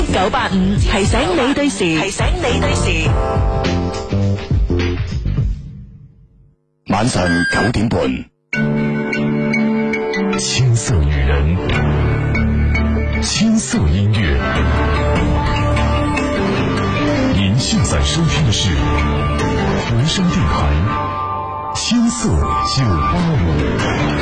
九八五提醒你對時，提醒你對時。對晚上九點半，青色女人，青色音樂。您現在收聽的是佛山電台青色九八五。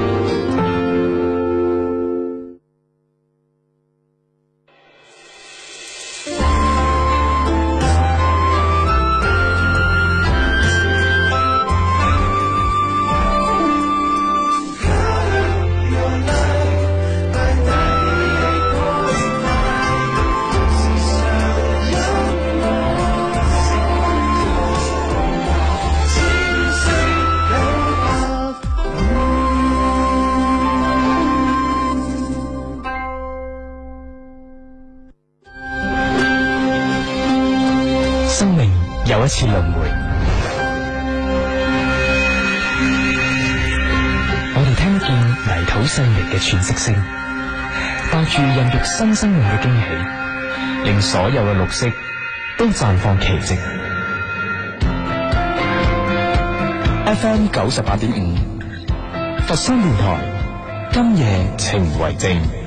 新生命嘅驚喜，令所有嘅綠色都綻放奇蹟。 FM 九十八點五，佛山電台，今夜情為證。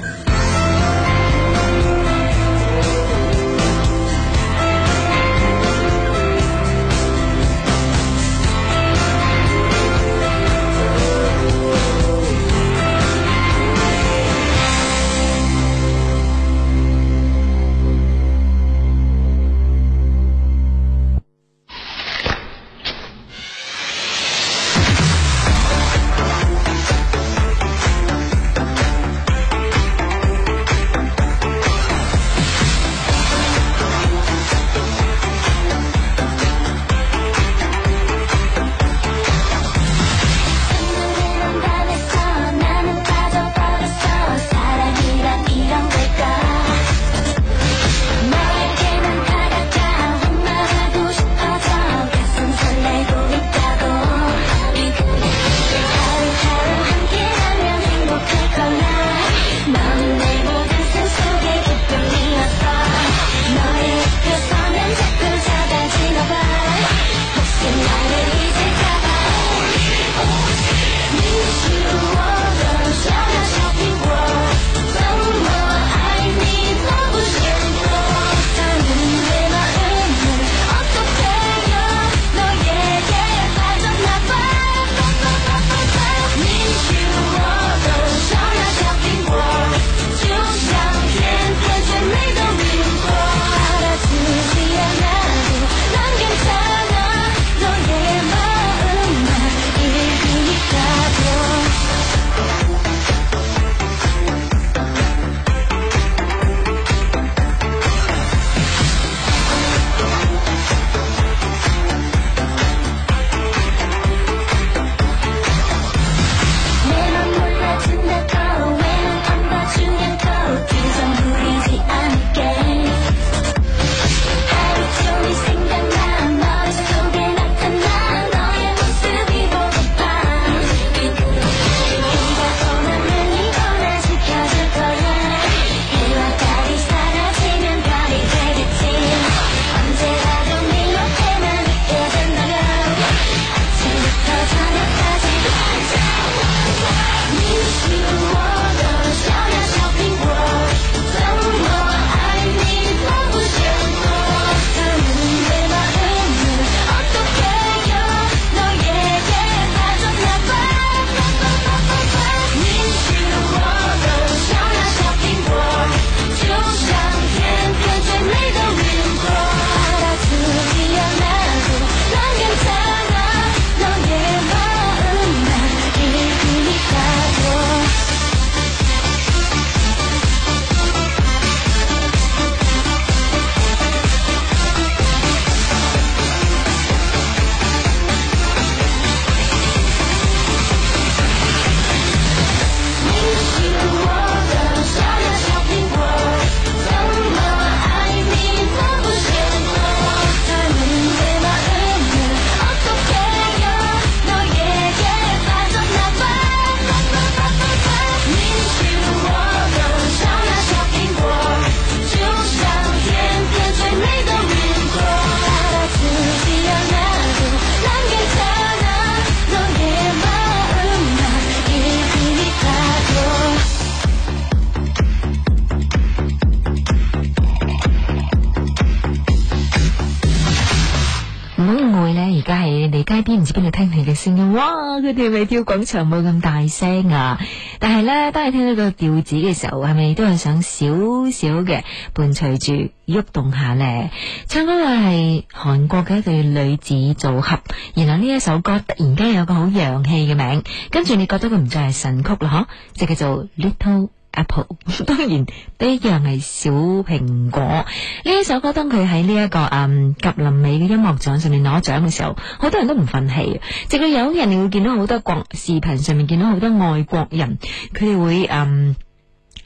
邊度聽你嘅聲音？哇！佢哋咪跳廣場舞咁大聲啊！但係呢，當你聽到個調子嘅時候，係咪都係想少少嘅伴隨住喐動下呢？唱歌嘅係韓國嘅一對女子組合，然後呢一首歌突然間有個好洋氣嘅名，跟住你覺得佢唔再係神曲啦？嗬、啊，就叫做 Little。Apple 當然一樣係小蘋果呢一首歌，當、這個。當佢喺呢一個嗯格林美嘅音樂獎上面攞獎嘅時候，好多人都唔忿氣。直到有人會見到好多國視頻上面見到好多外國人，佢哋會嗯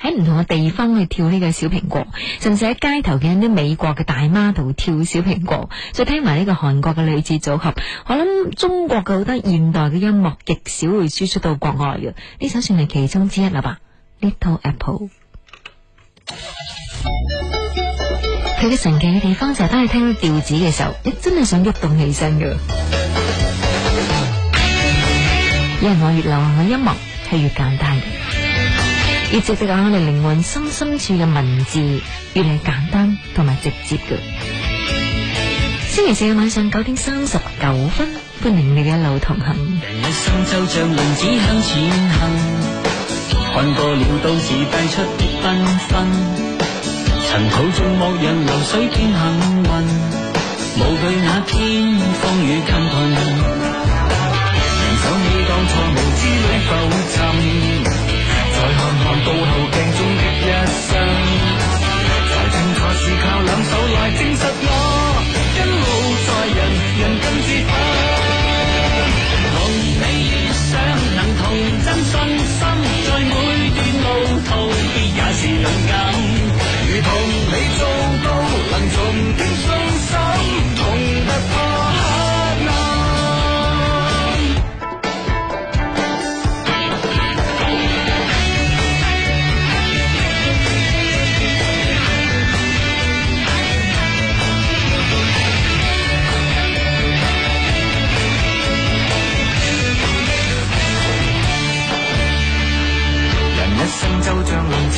喺唔同嘅地方去跳呢個小蘋果，甚至喺街頭嘅啲美國嘅大媽度跳小蘋果。再聽埋呢個韓國嘅女子組合，我諗中國嘅好多現代嘅音樂極少會輸出到國外嘅呢首，算係其中之一喇吧。Little Apple，佢嘅神奇嘅地方就係當你聽到調子嘅時候，你真係想喐動起身噶。因為越流行嘅音樂係越簡單嘅，越直接講我哋靈魂深深處嘅文字越嚟簡單同埋直接嘅。星期四嘅晚上九點三十九分，歡迎你嘅一路同行。人一生就像輪子向前行。看過了都市帶出的繽紛，塵土中莫讓流水變幸運，無懼那天風雨困頓，理想已當在無知裏浮沉。再看看到口。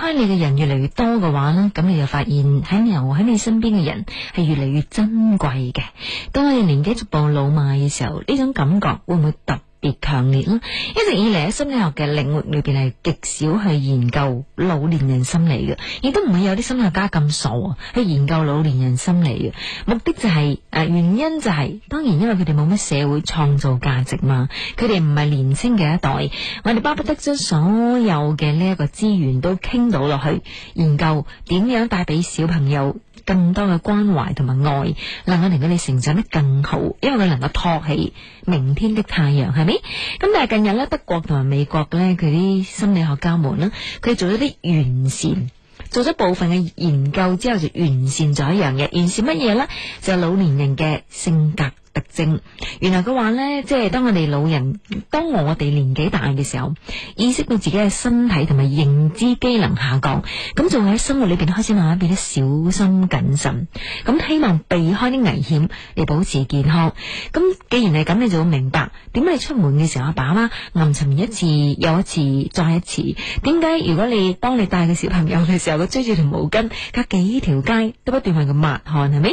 開你嘅人越嚟越多嘅話咧，咁你就發現喺你喺你身邊嘅人係越嚟越珍貴嘅。當我哋年紀逐步老邁嘅時候，呢種感覺會唔會特別別強烈啦！一直以嚟喺心理學嘅領域裏邊係極少去研究老年人心理嘅，亦都唔會有啲心理學家咁傻去研究老年人心理嘅目的就係、是、誒、呃，原因就係、是、當然因為佢哋冇乜社會創造價值嘛，佢哋唔係年輕嘅一代，我哋巴不得將所有嘅呢一個資源都傾到落去研究點樣帶俾小朋友。更多嘅關懷同埋愛，能夠令到你成長得更好，因為佢能夠托起明天的太陽，係咪？咁但係近日咧，德國同埋美國咧，佢啲心理學家們咧，佢做咗啲完善，做咗部分嘅研究之後就完善咗一樣嘢，完善乜嘢咧？就係老年人嘅性格。特徵，原來佢話呢，即係當我哋老人，當我哋年紀大嘅時候，意識到自己嘅身體同埋認知機能下降，咁就會喺生活裏邊開始慢慢變得小心謹慎，咁希望避開啲危險嚟保持健康。咁既然係咁，你就會明白點解你出門嘅時候，阿爸阿媽吟沉一次，又一次再一次，點解如果你當你帶個小朋友嘅時候，佢追住條毛巾，隔幾條街都不斷為佢抹汗，係咪？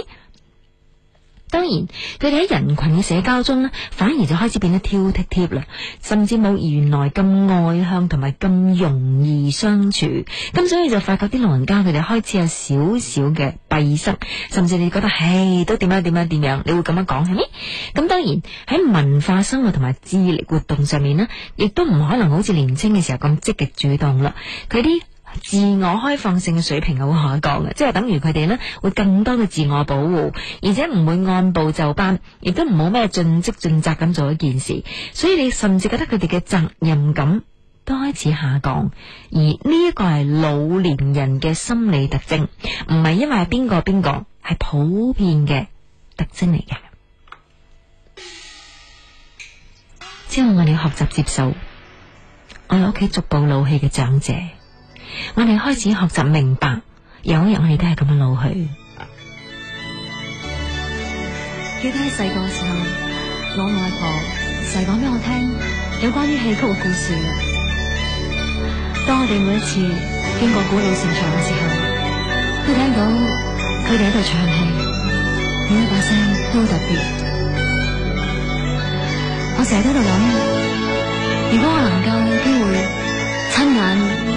當然，佢哋喺人群嘅社交中呢，反而就開始變得挑剔啲啦，甚至冇原來咁外向同埋咁容易相處。咁所以就發覺啲老人家佢哋開始有少少嘅閉塞，甚至你覺得，唉，都點樣點樣點樣，你會咁樣講係咪？咁當然喺文化生活同埋智力活動上面呢，亦都唔可能好似年輕嘅時候咁積極主動啦。佢啲。自我開放性嘅水平會下降嘅，即係等於佢哋呢會更多嘅自我保護，而且唔會按部就班，亦都唔冇咩盡職盡責咁做一件事。所以你甚至覺得佢哋嘅責任感都開始下降，而呢一個係老年人嘅心理特徵，唔係因為邊個邊個，係普遍嘅特徵嚟嘅。之後我哋要學習接受我哋屋企逐步老去嘅長者。我哋開始學習明白，有一日我哋都係咁樣老去。記得喺細個嘅時候，我外婆成日講俾我聽有關於戲曲嘅故事。當我哋每一次經過古老城牆嘅時候，都聽到佢哋喺度唱戲，每一把聲都好特別。我成日都喺度諗，如果我能夠有機會親眼。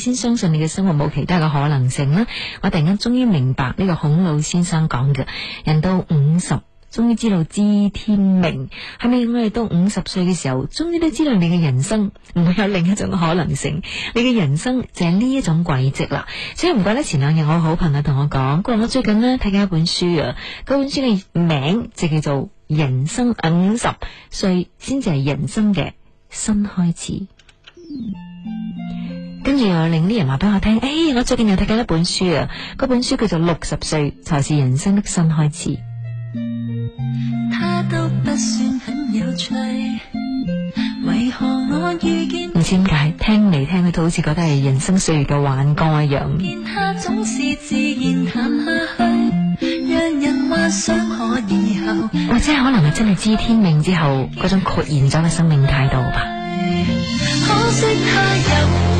先相信你嘅生活冇其他嘅可能性啦！我突然間終於明白呢個孔老先生講嘅，人到五十，終於知道知天命。係咪我哋到五十歲嘅時候，終於都知道你嘅人生唔會有另一種可能性？你嘅人生就係呢一種軌跡啦。所以唔怪得前兩日我好朋友同我講，佢話我最近咧睇緊一本書啊，嗰本書嘅名就叫做《人生五十歲先至係人生嘅新開始》。跟住又令啲人話俾我聽，誒、欸，我最近又睇緊一本書啊，嗰本書叫做《六十歲才是人生的新開始》。他都不算很有趣。唔知點解，聽嚟聽去都好似覺得係人生歲月嘅玩歌一樣。以後或者可能係真係知天命之後嗰種豁然咗嘅生命態度吧。可惜他有。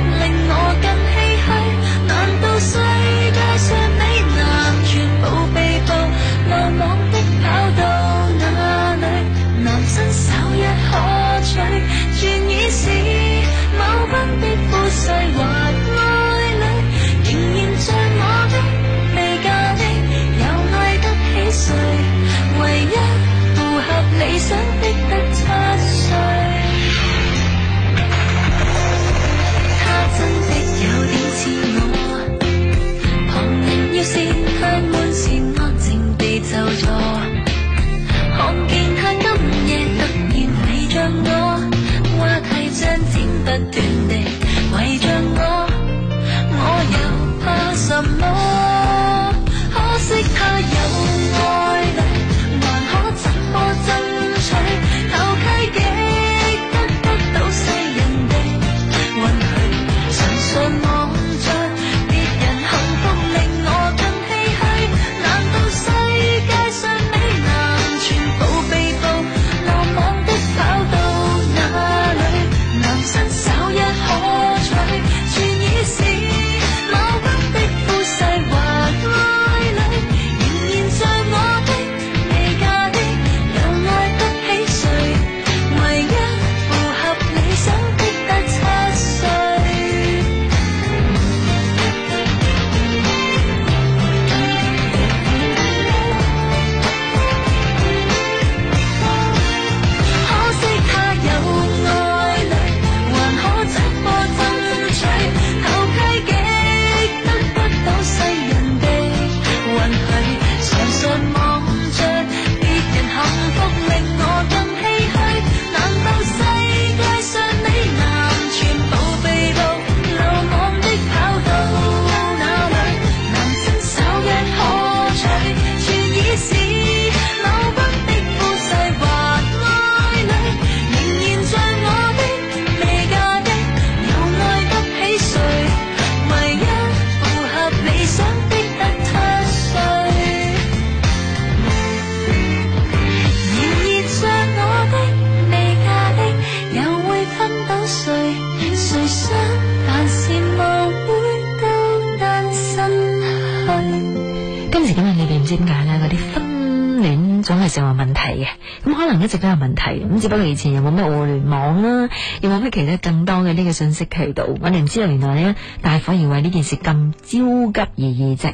點解咧？嗰啲婚戀總係成為問題嘅，咁可能一直都有問題，咁只不過以前有冇咩互聯網啦，有冇咩其他更多嘅呢個信息渠道，我哋唔知道。原來咧大伙而為呢件事咁焦急而已啫。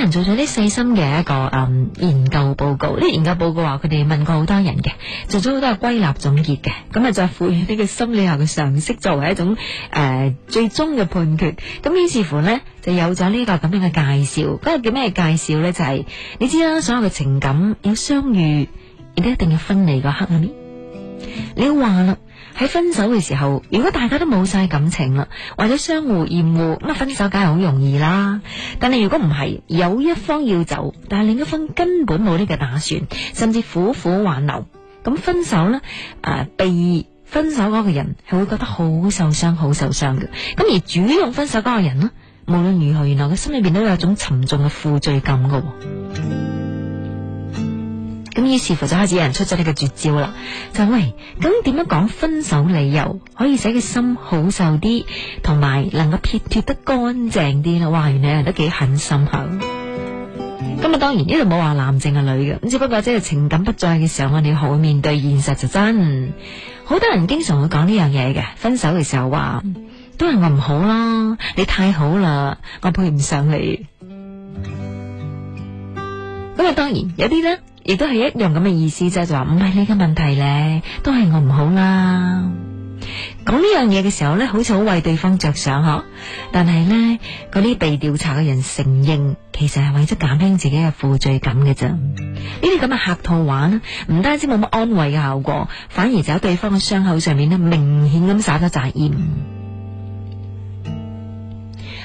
人做咗啲細心嘅一個嗯研究報告，呢啲研究報告話佢哋問過好多人嘅，做咗好多歸納總結嘅，咁啊再賦予呢個心理學嘅常識作為一種誒、呃、最終嘅判決，咁於是乎呢，就有咗呢個咁樣嘅介紹，嗰個叫咩介紹呢？就係、是、你知啦，所有嘅情感要相遇，亦都一定要分離個黑暗。嗯、你話，你話啦。喺分手嘅時候，如果大家都冇晒感情啦，或者相互厭惡，咁分手梗係好容易啦。但係如果唔係，有一方要走，但係另一方根本冇呢個打算，甚至苦苦挽留，咁分手呢，誒、呃，被分手嗰個人係會覺得好受傷、好受傷嘅。咁而主動分手嗰個人咧，無論如何，原來佢心裏邊都有種沉重嘅負罪感噶。咁於是乎就開始有人出咗你嘅絕招啦，就係，喂，咁點樣講分手理由可以使佢心好受啲，同埋能夠撇脫得乾淨啲啦？哇，原來人都幾狠心口。咁啊，嗯，當然呢度冇話男淨係女嘅，咁只不過即係情感不在嘅時候，我哋學會面對現實就真。好多人經常會講呢樣嘢嘅，分手嘅時候話，都係我唔好咯，你太好啦，我配唔上你。咁啊，當然有啲咧。亦都係一樣咁嘅意思啫，就話唔係呢個問題咧，都係我唔好啦。講呢樣嘢嘅時候咧，好似好為對方着想嗬。但係咧，嗰啲被調查嘅人承認，其實係為咗減輕自己嘅負罪感嘅咋。呢啲咁嘅客套話咧，唔單止冇乜安慰嘅效果，反而就喺對方嘅傷口上面咧，明顯咁撒咗扎鹽。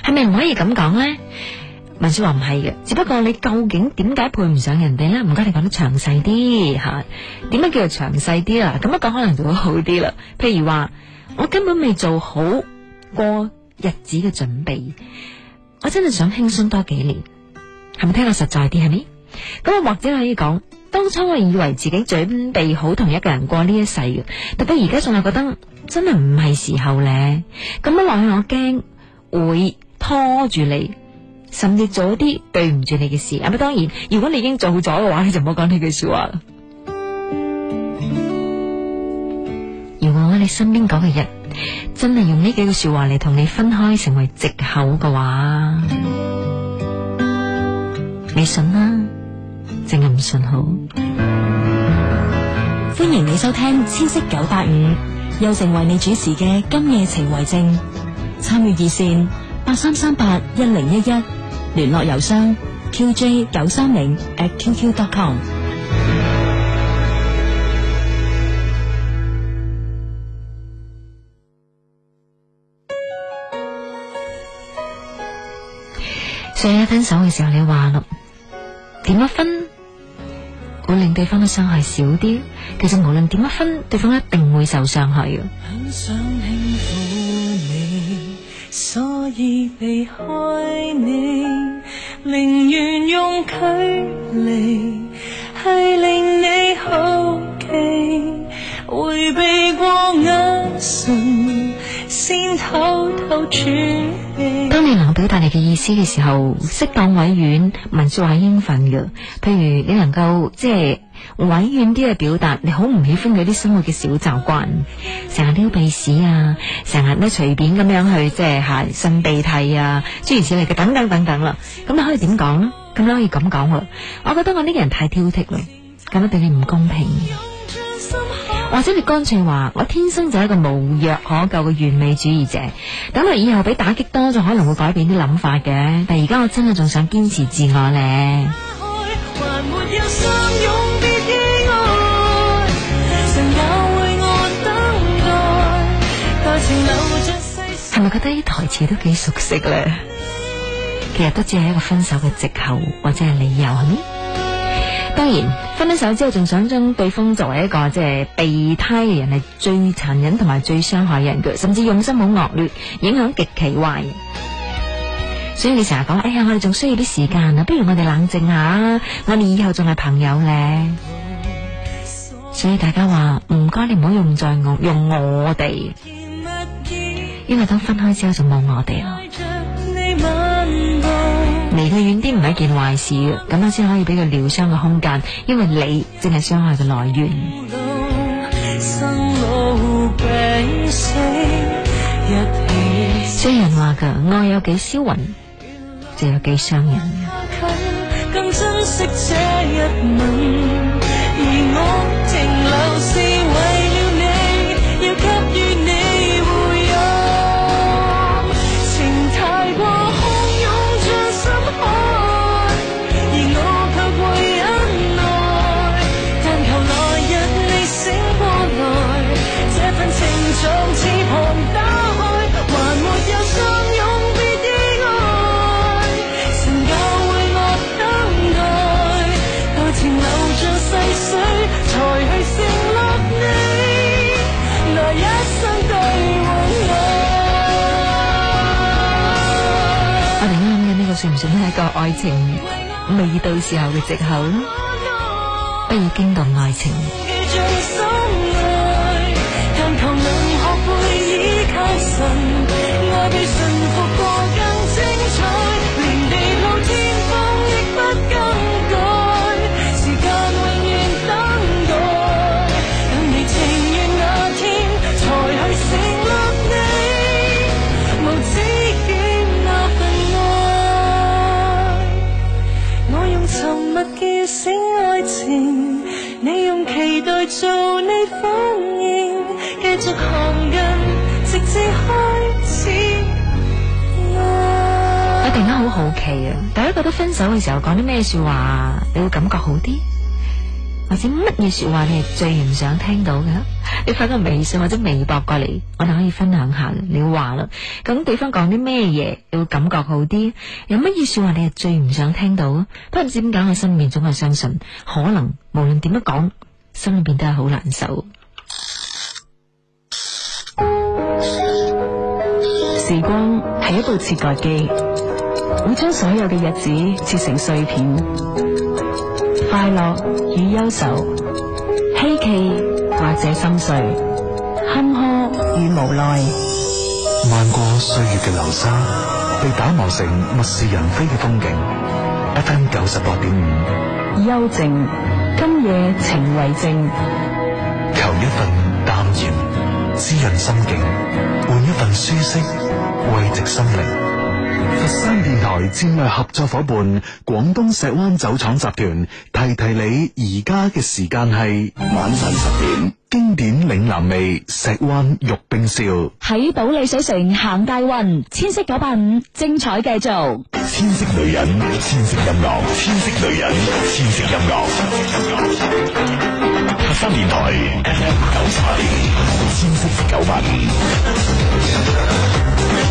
係咪唔可以咁講呢？文書話唔係嘅，只不過你究竟點解配唔上人哋咧？唔該，你講得詳細啲吓。點解叫做詳細啲啦？咁樣講可能就會好啲啦。譬如話我根本未做好過日子嘅準備，我真係想輕鬆多幾年，係咪聽我實在啲？係咪咁？或者可以講當初我以為自己準備好同一個人過呢一世嘅，特別而家仲係覺得真係唔係時候咧。咁樣落去，我驚會拖住你。甚至做一啲對唔住你嘅事，咁啊當然，如果你已經做咗嘅話，你就唔好講呢句說話啦。 如果你身邊嗰個人真係用呢幾句說話嚟，同你分開成為借口嘅話，你信啦、啊，淨係唔信。好，歡迎你收聽千色九八五，又成為你主持嘅今夜情為證，參與熱線八三三八一零一一。8聯絡郵箱 qj 九三零 atqq.com。所以分手嘅時候你話咯，點樣分，會令對方嘅傷害少啲。其實無論點樣分，對方一定會受傷害嘅。所以避開你，寧願用距離，係令你好奇，回避過眼神，先偷偷喘氣。當你能表達你嘅意思嘅時候，適當委婉，文字話係應份嘅。譬如你能夠即係。委婉啲嘅表達，你好唔喜歡佢啲生活嘅小習慣，成日撩鼻屎啊，成日咧隨便咁樣去即係吓擤鼻涕啊，諸如此類嘅等等等等啦。咁你可以點講咧？咁你可以咁講。我覺得我呢個人太挑剔啦，咁樣對你唔公平。或者你乾脆話，我天生就係一個無藥可救嘅完美主義者，等佢以後俾打擊多咗，可能會改變啲諗法嘅。但係而家我真係仲想堅持自我咧。我覺得啲台詞都幾熟悉咧，其實都只係一個分手嘅借口或者係理由。當然，分咗手之後仲想將對方作為一個即係備胎嘅人係最殘忍同埋最傷害人嘅，甚至用心好惡劣，影響極其壞。所以你成日講，哎呀，我哋仲需要啲時間啊，不如我哋冷靜下，我哋以後仲係朋友咧。所以大家話唔該，你唔好用在我用我哋。因為當分開之後就冇我哋啦。離佢遠啲唔係一件壞事嘅，咁樣先可以俾佢療傷嘅空間。因為你正係傷害嘅來源。即係人話噶，愛有幾銷魂，就有幾傷人。個愛情未到時候嘅藉口，不要驚動愛情。都分手嘅時候講啲咩說話你會感覺好啲，或者乜嘢說話你係最唔想聽到嘅？你發個微信或者微博過嚟，我哋可以分享下你話啦。咁對方講啲咩嘢你會感覺好啲？有乜嘢說話你係最唔想聽到？都唔知點解我心入面總係相信，可能無論點樣講，心入面都係好難受。時光係一部切割機。會將所有嘅日子切成碎片，快樂與憂愁，希冀或者心碎，坎坷與無奈。漫過歲月嘅流沙，被打磨成物是人非嘅風景。FM 九十八點五，幽靜，今夜情為證，求一份淡然滋潤心境，換一份舒適慰藉心靈。佛山電台戰略合作伙伴廣東石灣酒廠集團，提提你而家嘅時間係晚上十點，經典嶺南味石灣玉冰燒，喺保利水城行大運，千色九八五，精彩繼續。千色女人，千色音樂，千色女人，千色音樂。佛山電台 FM 九九二，千色九八五。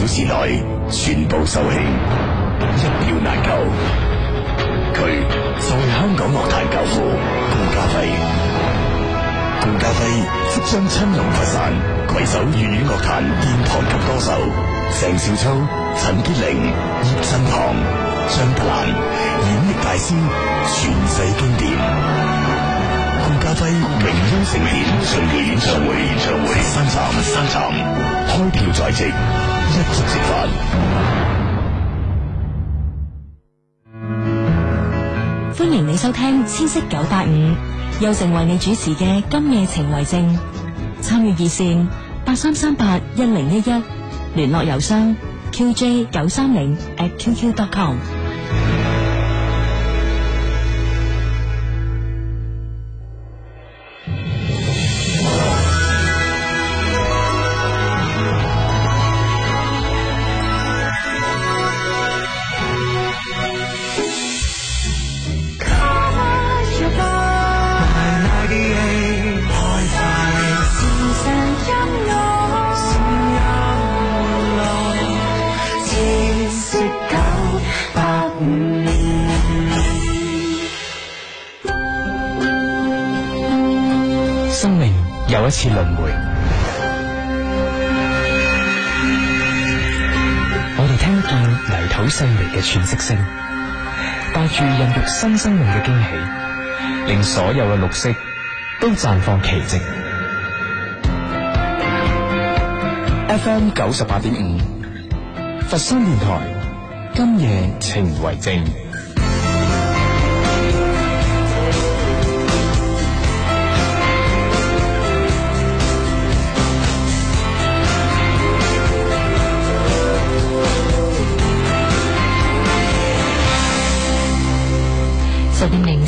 小時內全部售罄，一票難求。佢就係香港樂壇教父顧嘉輝，顧嘉輝出身親臨佛山，攜手粵語樂壇殿堂級歌手鄭少秋、陳潔玲、葉振棠、張德蘭演繹大師，全世經典。顧嘉輝榮休盛典巡回演唱會演唱會三站三站開票在即。一直食飯。歡迎你收聽千色九八五，又成為你主持嘅今夜情為證。參與熱線八三三八一零一一，聯絡郵箱 qj 九三零 atqq.com。一次輪回，我哋聽見泥土細微嘅喘息聲，帶住孕育新生命嘅驚喜，令所有嘅綠色都綻放奇蹟。FM 九十八點五，佛山電台，今夜情為證。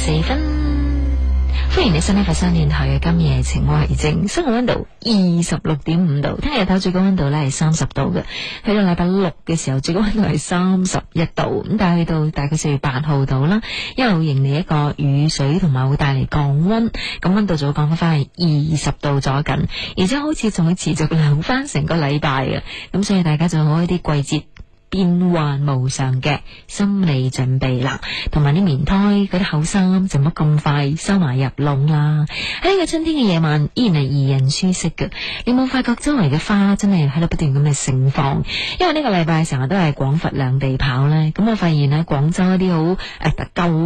四分，歡迎你新一佛山電台嘅今夜情為證，室外温度二十六點五度，聽日睇最高温度呢係三十度嘅，去到禮拜六嘅時候最高温度係三十一度，咁但係去到大概四月八號度啦，一路迎嚟一個雨水同埋會帶嚟降温，咁温度就會降翻係二十度左近，而且好似仲會持續涼翻成個禮拜嘅，咁所以大家做好一啲季節。變幻無常嘅心理準備啦，同埋啲棉胎嗰啲厚衫，麼麼就唔好咁快收埋入籠啦。喺呢個春天嘅夜晚，依然係怡人舒適嘅。你冇發覺周圍嘅花真係喺度不斷咁嘅盛放？因為呢個禮拜成日都係廣佛兩地跑咧，咁我發現咧，廣州一啲好誒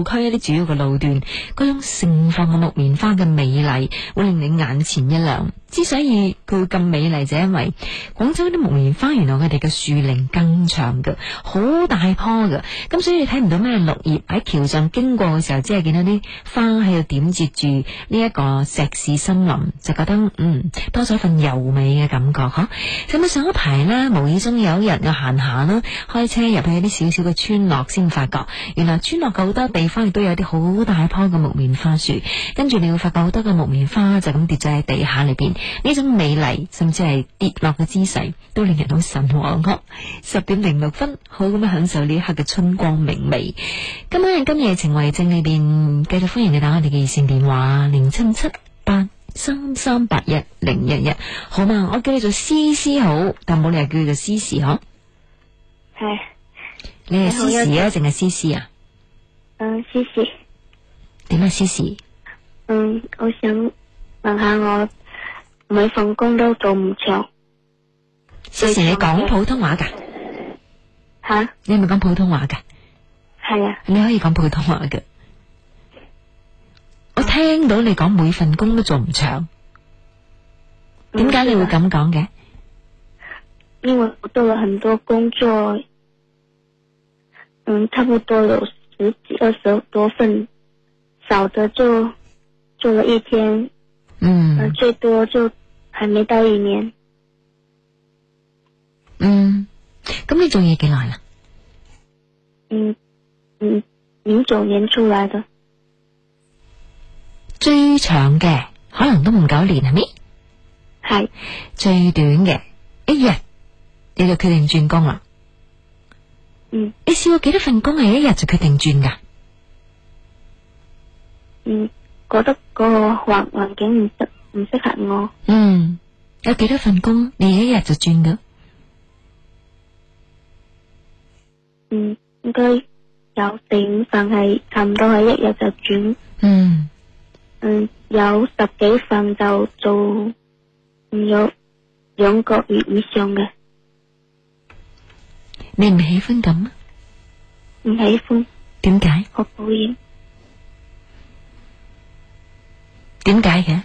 舊區一啲主要嘅路段，嗰種盛放嘅木棉花嘅美麗，會令你眼前一亮。之所以佢咁美麗，就因為廣州啲木棉花，原來佢哋嘅樹齡更長。好大棵嘅，咁所以睇唔到咩綠葉，喺橋上經過嘅時候，只係見到啲花喺度點綴住呢一個石屎森林，就覺得嗯多咗份柔美嘅感覺嗬。咁啊上一排呢，無意中有一日我行行啦，開車入去啲少少嘅村落，先發覺原來村落好多地方亦都有啲好大棵嘅木棉花樹，跟住你會發覺好多嘅木棉花就咁跌咗喺地下裏邊，呢種美麗甚至係跌落嘅姿勢，都令人好神往。十點零分好咁樣享受呢一刻嘅春光明媚。今晚喺今夜情為證裏邊，繼續歡迎你打我哋嘅熱線電話零七七八三三八一零一一。好嘛，我叫你做詩詩好，但冇理由叫佢做詩詩嗬。係你係詩詩啊，定係詩詩啊？嗯，詩詩。點啊，詩詩？嗯，我想問下我，每份工都做唔錯。詩詩，你講普通話噶？吓，你係咪講普通話嘅？係啊的，你可以講普通話嘅。嗯，我聽到你講每份工都做唔長，點解你會咁講嘅？嗯，因為我做了很多工作，嗯，差不多有十幾二十多份，少的就做咗一天，嗯，最多就還沒到一年，嗯，嗯。咁你做嘢幾耐啦？嗯，嗯，零九年出嚟㗎，最長嘅可能都唔夠年係咪？係是，最短嘅一日你就決定轉工啦。嗯，你試過幾多份工係一日就決定轉噶？嗯，覺得個環環境唔適唔適合我。嗯，有幾多份工你一日就轉噶？嗯，應該有四五份係，差唔多係一日就轉。嗯，嗯，有十幾份就做，唔有兩個月以上嘅。你唔喜歡咁啊？唔喜歡。點解？我討厭。點解嘅？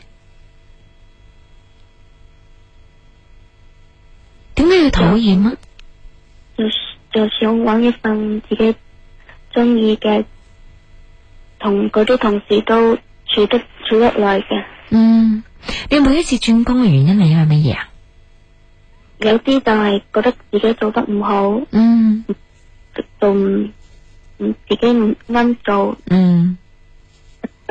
點解要討厭啊？嗯。就想揾一份自己中意嘅，同嗰啲同事都處得處得耐嘅。嗯，你每一次轉工嘅原因係因為乜嘢啊？有啲就係覺得自己做得唔好。嗯，做唔自己唔啱做。嗯，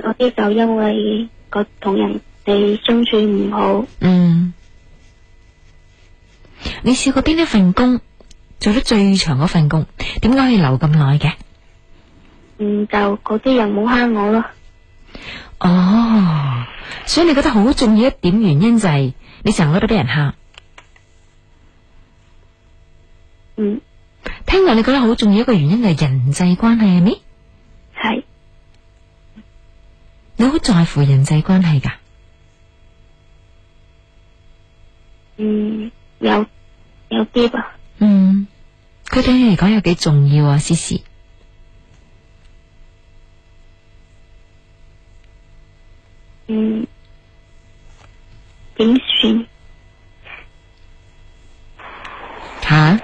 有啲就因為個同人哋相處唔好。嗯，你試過邊一份工？做咗最長嗰份工，點解可以留咁耐嘅？嗯，就嗰啲人冇蝦我咯。哦，所以你覺得好重要一點原因就係你成日都俾人蝦。嗯。聽落你覺得好重要一個原因就係人際關係係咪？係。你好在乎人際關係㗎？嗯，有有啲吧，啊。嗯。佢對你嚟講有幾重要啊？詩詩，嗯，點算吓？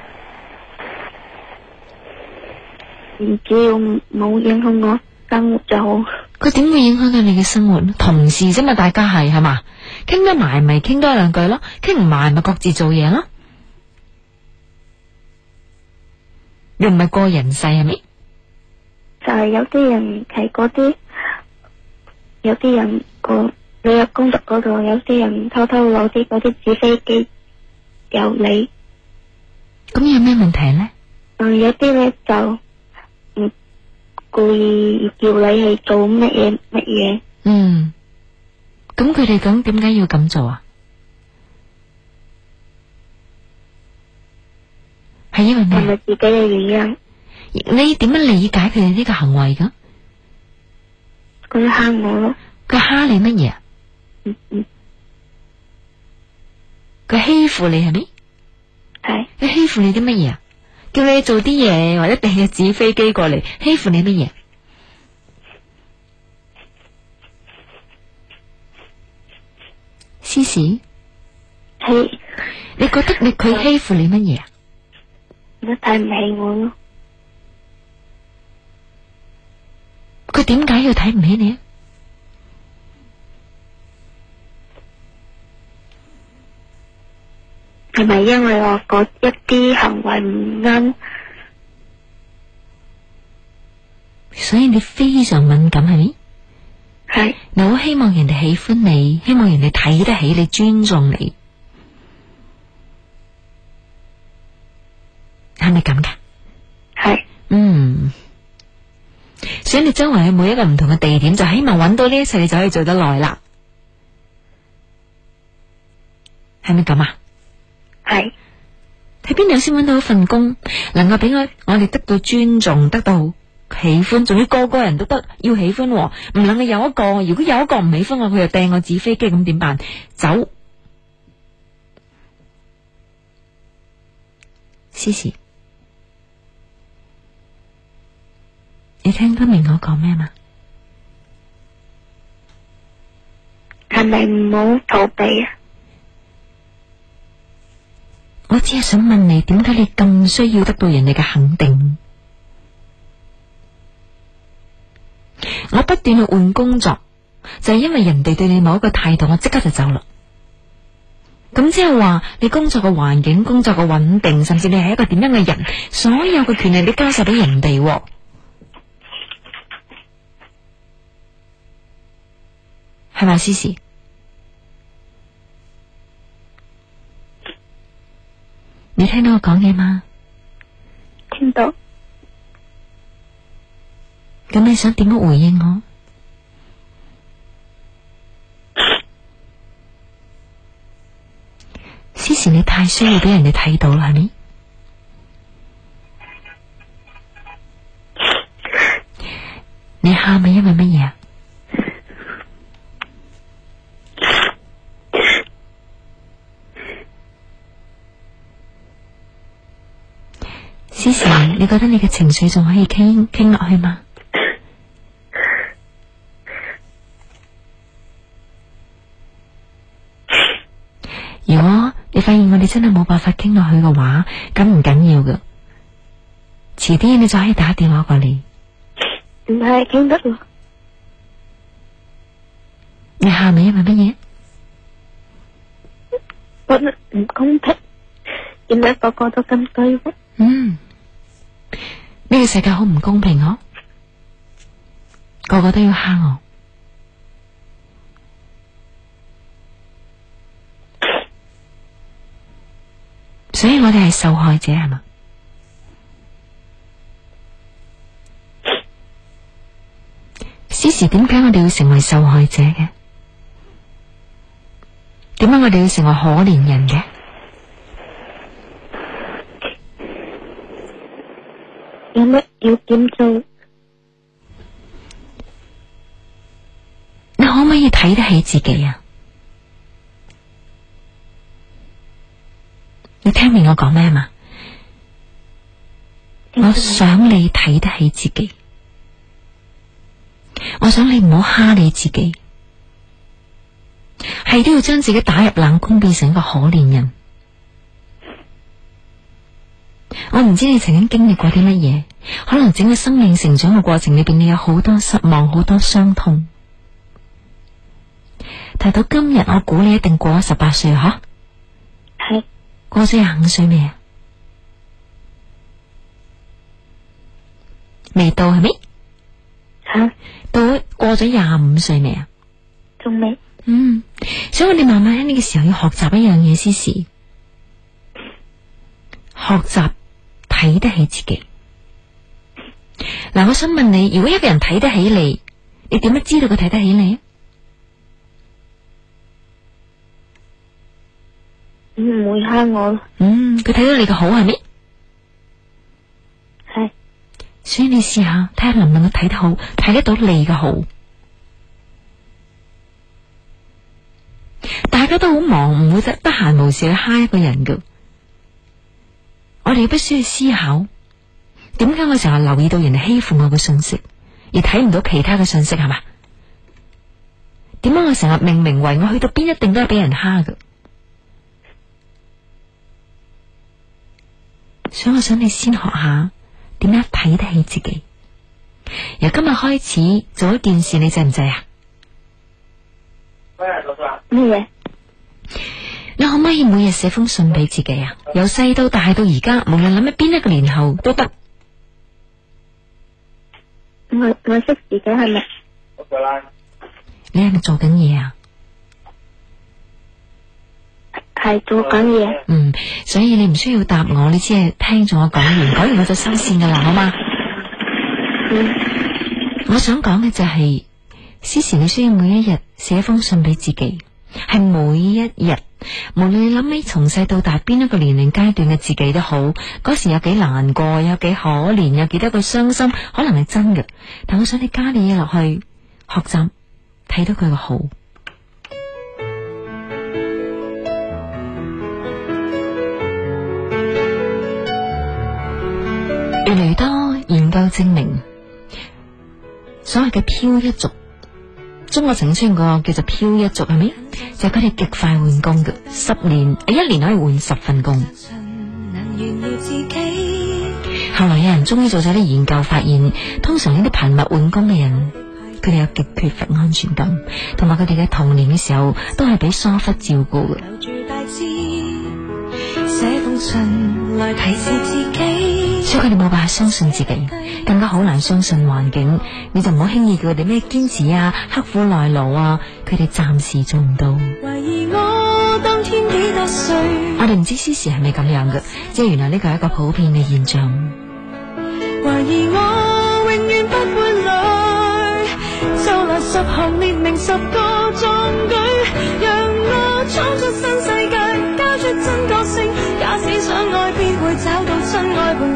唔知，冇影響我生活就好。佢點會影響到你嘅生活？同事啫嘛，大家係係嘛，傾得埋咪傾多兩句咯，傾唔埋咪各自做嘢咯。又唔係過人世係咪？就係有啲人喺嗰啲，有啲人個，旅入工作嗰度，有啲人偷偷攞啲嗰啲紙飛機，有你。咁、嗯、有咩問題咧？誒、嗯，有啲咧就唔故意叫你去做乜嘢乜嘢。嗯，咁佢哋講點解要咁做啊？係因為你係咪自己嘅原因？你點樣理解佢哋呢個行為噶？佢蝦我咯。佢蝦你乜嘢啊？嗯嗯。佢欺負你係咪？係是。佢欺負你啲乜嘢啊？叫你做啲嘢，或者掟個紙飛機過嚟，欺負你乜嘢？詩詩。係。你覺得你佢欺負你乜嘢啊？都睇唔起我咯？佢點解要睇唔起你？係咪因為我嗰一啲行為唔啱？所以你非常敏感係咪？係。我好希望人哋喜歡你，希望人哋睇得起你，尊重你。係咪咁噶？係是嗯，所以你將來喺每一個唔同嘅地點，就希望揾到呢一切，你就可以做得耐啦。係咪咁啊？係喺邊度先揾到一份工，能夠俾佢？我哋得到尊重，得到喜歡，仲要個個人都得要喜歡，唔能夠有一個，如果有一個唔喜歡我，佢就掟我紙飛機咁點辦？走，詩詩！你聽得明我講咩嘛？係咪唔好逃避啊？我只係想問你，點解你咁需要得到人哋嘅肯定？我不斷去換工作，就係因為人哋對你某一個態度，我即刻就走啦。咁即係話你工作嘅環境、工作嘅穩定，甚至你係一個點樣嘅人，所有嘅權利你交受俾人哋。係咪詩詩？是是你聽到我講嘢嗎？聽到。咁你想點樣回應我？詩詩， 詩詩，你太需要俾人哋睇到啦，係咪？ 你喊係因為乜嘢啊？思思，ici，你覺得你嘅情緒仲可以傾傾落去嗎？ 如果你發現我哋真係冇辦法傾落去嘅話，咁唔緊要噶，遲啲你就可以打電話過嚟。唔係傾得咯。你下面因為乜嘢？覺得唔公平，點解個個都咁對？嗯。呢個世界好唔公平哦、啊，個個都要蝦我，所以我哋係受害者係嘛？時 時點解我哋要成為受害者嘅？點解我哋要成為可憐人嘅？有乜要點做？你可唔可以睇得起自己啊？你聽明我講咩嘛？我想你睇得起自己，我想你唔好蝦你自己，係都要將自己打入冷宮，變成一個可憐人。我唔知你曾經經歷過啲乜嘢。可能整個生命成長嘅過程裏邊，你有好多失望，好多傷痛。但到今日，我估你一定過咗十八歲，吓係是過咗廿五歲未啊？未到係咪吓？啊、到過咗廿五歲未啊？仲未沒嗯，所以我哋慢慢喺呢個時候要學習一樣嘢，先時學習睇得起自己。嗱，我想問你，如果一個人睇得起你，你點樣知道佢睇得起你啊？唔會蝦我咯。嗯，佢睇到你嘅好係咪？係。是所以你試下睇下能唔能夠睇得好，睇得到你嘅好。大家都好忙，唔會得得閒無事去蝦一個人噶。我哋必須要思考。點解我成日留意到人哋欺負我嘅信息，而睇唔到其他嘅信息係嘛？點解我成日命名為我去到邊一定都係俾人蝦㗎？所以我想你先學下點樣睇得起自己。由今日開始做一件事，你制唔制啊？喂麼，老師啊？咩嘢？你可唔可以每日寫封信俾自己啊？由細到大到而家，無論諗喺邊一個年後都得。我我識自己係咪？好啦。你係咪做緊嘢啊？係做緊嘢。嗯，所以你唔需要答我，你只係聽住我講完，講完我就收線噶啦，好嗎？嗯。我想講嘅就係，是，此時你需要每一日寫一封信俾自己，係每一日。無論你諗起從細到大邊一個年齡階段嘅自己都好，嗰時有幾難過，有幾可憐，有幾多個傷心，可能係真嘅。但我想你加啲嘢落去，學習睇到佢個好。越嚟越多研究證明，所謂嘅飄一族。中國城村有個叫做漂一族係咪？就佢、係、哋極快換工嘅，十年誒一年可以換十份工。來後來有人終於做咗啲研究，發現通常呢啲頻密換工嘅人，佢哋有極缺乏安全感，同埋佢哋嘅童年嘅時候都係俾疏忽照顧嘅。佢哋冇辦法相信自己，更加好難相信環境，你就唔好輕易叫佢哋咩堅持啊、刻苦耐勞啊，佢哋暫時做唔到。懷疑我當天幾多歲，我哋唔知詩詩係咪咁樣嘅，即係原來呢個係一個普遍嘅現象。懷疑我永遠不會累，就拿十項列明十個壯舉，讓我闖出新世界，交出真覺性。假使相愛，必會找到真愛伴。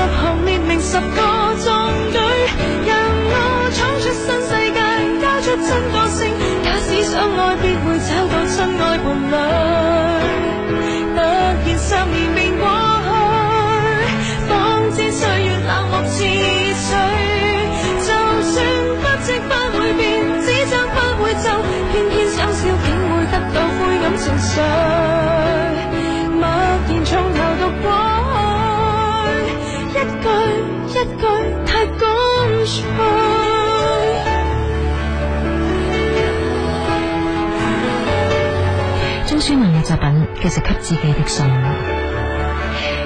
十行列明十個壯舉，讓我闖出新世界，交出真個性。假使想愛，必會找到親愛伴侶。不見三年便過去，方知歲月冷漠似水。就算不折不會變，只爭不會走。偏偏想笑，竟會得到灰暗情緒。作品其實給自己的信，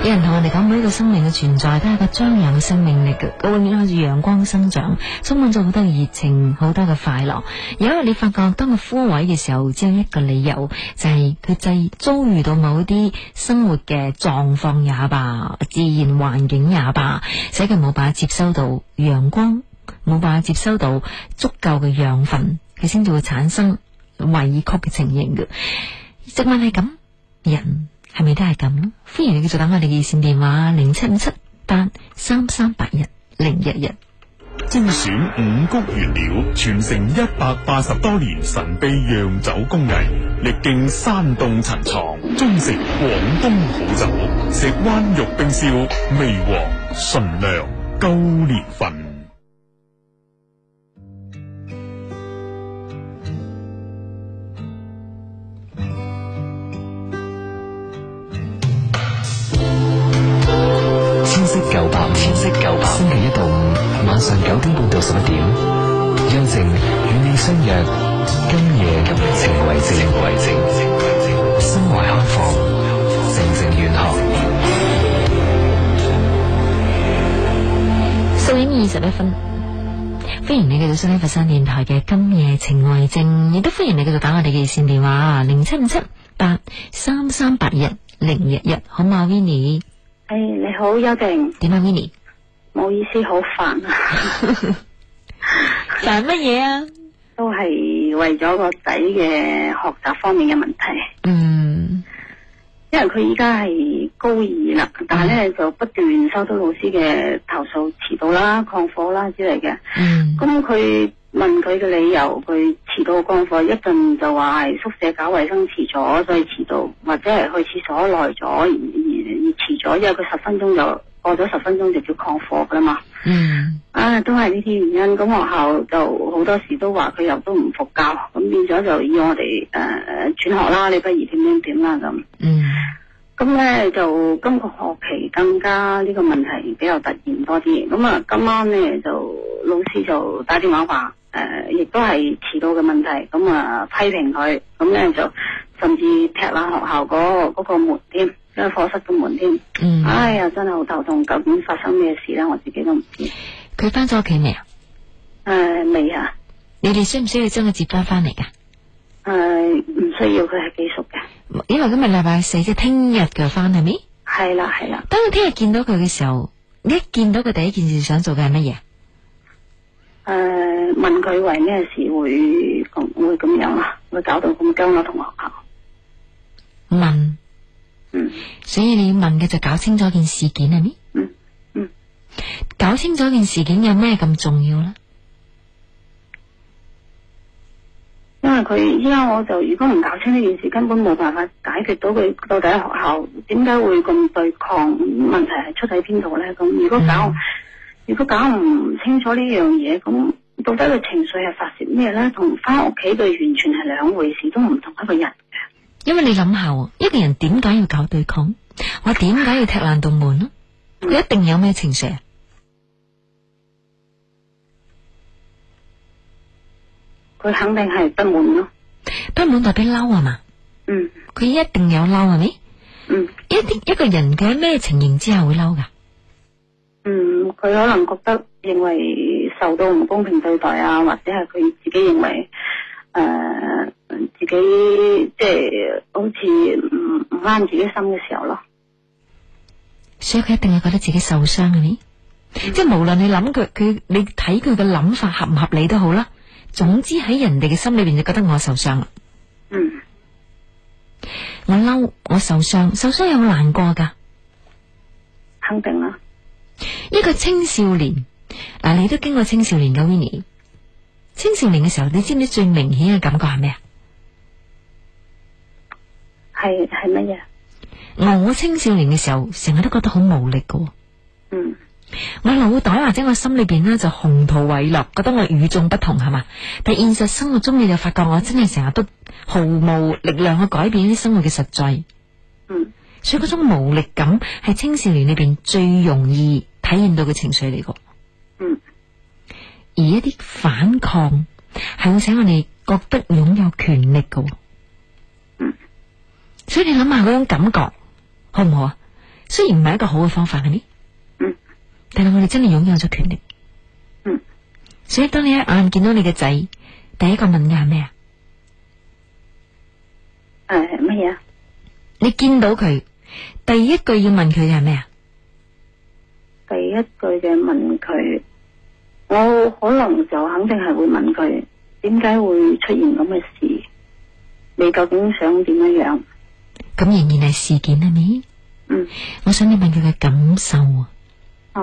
有人同我哋講，每一個生命嘅存在都係個張揚嘅生命力嘅，佢永遠向住陽光生長，充滿咗好多嘅熱情，好多嘅快樂。有因為你發覺當佢枯萎嘅時候，只有一個理由就係佢就遭遇到某啲生活嘅狀況也罷，自然環境也罷，使佢冇辦法接收到陽光，冇辦法接收到足夠嘅養分，佢先至會產生委曲嘅情形嘅。食物係咁，人係咪都係咁？歡迎你繼續等我哋嘅熱線電話零七五七八三三八一零一一。精選五穀原料，傳承一百八十多年神秘釀酒工藝，歷經山洞陳藏，終成廣東好酒。石灣玉冰燒，味和，純糧，高年份。上九點半到十一點，幽靜與你相約，愈愈，今夜情為證，為情為心懷開放，靜靜遠航。十點二十一分，歡迎你繼續收聽佛山電台嘅《今夜情為證》，亦都歡迎你繼續打我哋嘅熱線電話零七五七八三三八一零一一，8 8 11, 好嘛，Winnie？誒，你好，幽靜，點啊，Winnie？冇意思，好煩啊！但係乜嘢啊？都係為咗個仔嘅學習方面嘅問題。嗯，因為佢依家係高二啦，但係咧、嗯、就不斷收到老師嘅投訴，遲到啦、曠課啦之類嘅。嗯，咁佢問佢嘅理由，佢遲到、曠課，一陣就話係宿舍搞衛生遲咗，所以遲到，或者係去廁所耐咗而而遲咗，因為佢十分鐘就。過咗十分鐘就叫曠課噶啦嘛，嗯、mm，hmm. 啊都係呢啲原因，咁學校就好多時都話佢又都唔服教，咁變咗就要我哋誒轉學啦，你不如點點點啦咁，mm hmm. 嗯，咁咧就今個學期更加呢個問題比較突然多啲，咁啊今晚咧就老師就打電話話，誒、啊、亦都係遲到嘅問題，咁啊批評佢，咁咧、mm hmm. 嗯、就甚至踢爛學校嗰嗰、嗰個門添。個課室嘅門添，哎呀，真係好頭痛，究竟發生咩事咧？我自己都唔知。佢翻咗屋企未啊？誒，未啊。你哋需唔需要將佢接翻翻嚟噶？誒，唔需要，佢係寄宿嘅。因為今日禮拜四，即係聽日佢翻，係咪？係啦，係啦。當你聽日見到佢嘅時候，一見到佢第一件事想做嘅係乜嘢？誒，問佢為咩事會會咁樣啊？會搞到咁僵啊，同學校。問。嗯，所以你要問嘅就搞清楚件事件係咪、嗯？嗯嗯，搞清楚件事件有咩咁重要咧？因為佢依家我就如果唔搞清呢件事，根本冇辦法解決到佢到底喺學校點解會咁對抗？問題係出喺邊度咧？咁如果搞、嗯、如果搞唔清楚呢樣嘢，咁到底佢情緒係發洩咩咧？同翻屋企佢完全係兩回事，都唔同一個人。因為你諗下，一個人點解要搞對抗？我點解要踢爛道門咯？佢一定有咩情緒？佢肯定係不滿咯，不滿代表嬲啊嘛？嗯，佢一定有嬲係咪？嗯，一啲一個人佢喺咩情形之下會嬲噶？嗯，佢可能覺得認為受到唔公平對待啊，或者係佢自己認為誒。自己即係好似唔唔啱自己的心嘅時候咯，所以佢一定係覺得自己受傷嘅。呢、嗯、即係無論你諗佢佢，你睇佢嘅諗法合唔合理都好啦。總之喺人哋嘅心裏邊就覺得我受傷，嗯，我嬲，我受傷，受傷有好難過噶，肯定啦。一個青少年，啊，你都經過青少年嘅 Winnie 青少年嘅時候，你知唔知最明顯嘅感覺係咩啊？係係乜嘢？我青少年嘅時候，成日都覺得好無力㗎。嗯，我腦袋或者我心裏邊呢，就鴻圖偉略，覺得我與眾不同係嘛。但現實生活中，你就發覺我真係成日都毫無力量去改變啲生活嘅實際。嗯，所以嗰種無力感係青少年裏邊最容易體現到嘅情緒嚟㗎。嗯，而一啲反抗係會使我哋覺得擁有權力嘅。所以你諗下嗰種感覺，好唔好啊？雖然唔係一個好嘅方法嘅呢，嗯，但係我哋真係擁有咗權力，嗯。所以當你一眼見到你嘅仔，第一個問嘅係咩啊？誒、呃，乜嘢啊？你見到佢第一句要問佢嘅係咩啊？第一句嘅問佢，我可能就肯定係會問佢，點解會出現咁嘅事？你究竟想點樣樣？咁仍然係事件，係咪？嗯， 我想你問佢嘅感受啊，哦，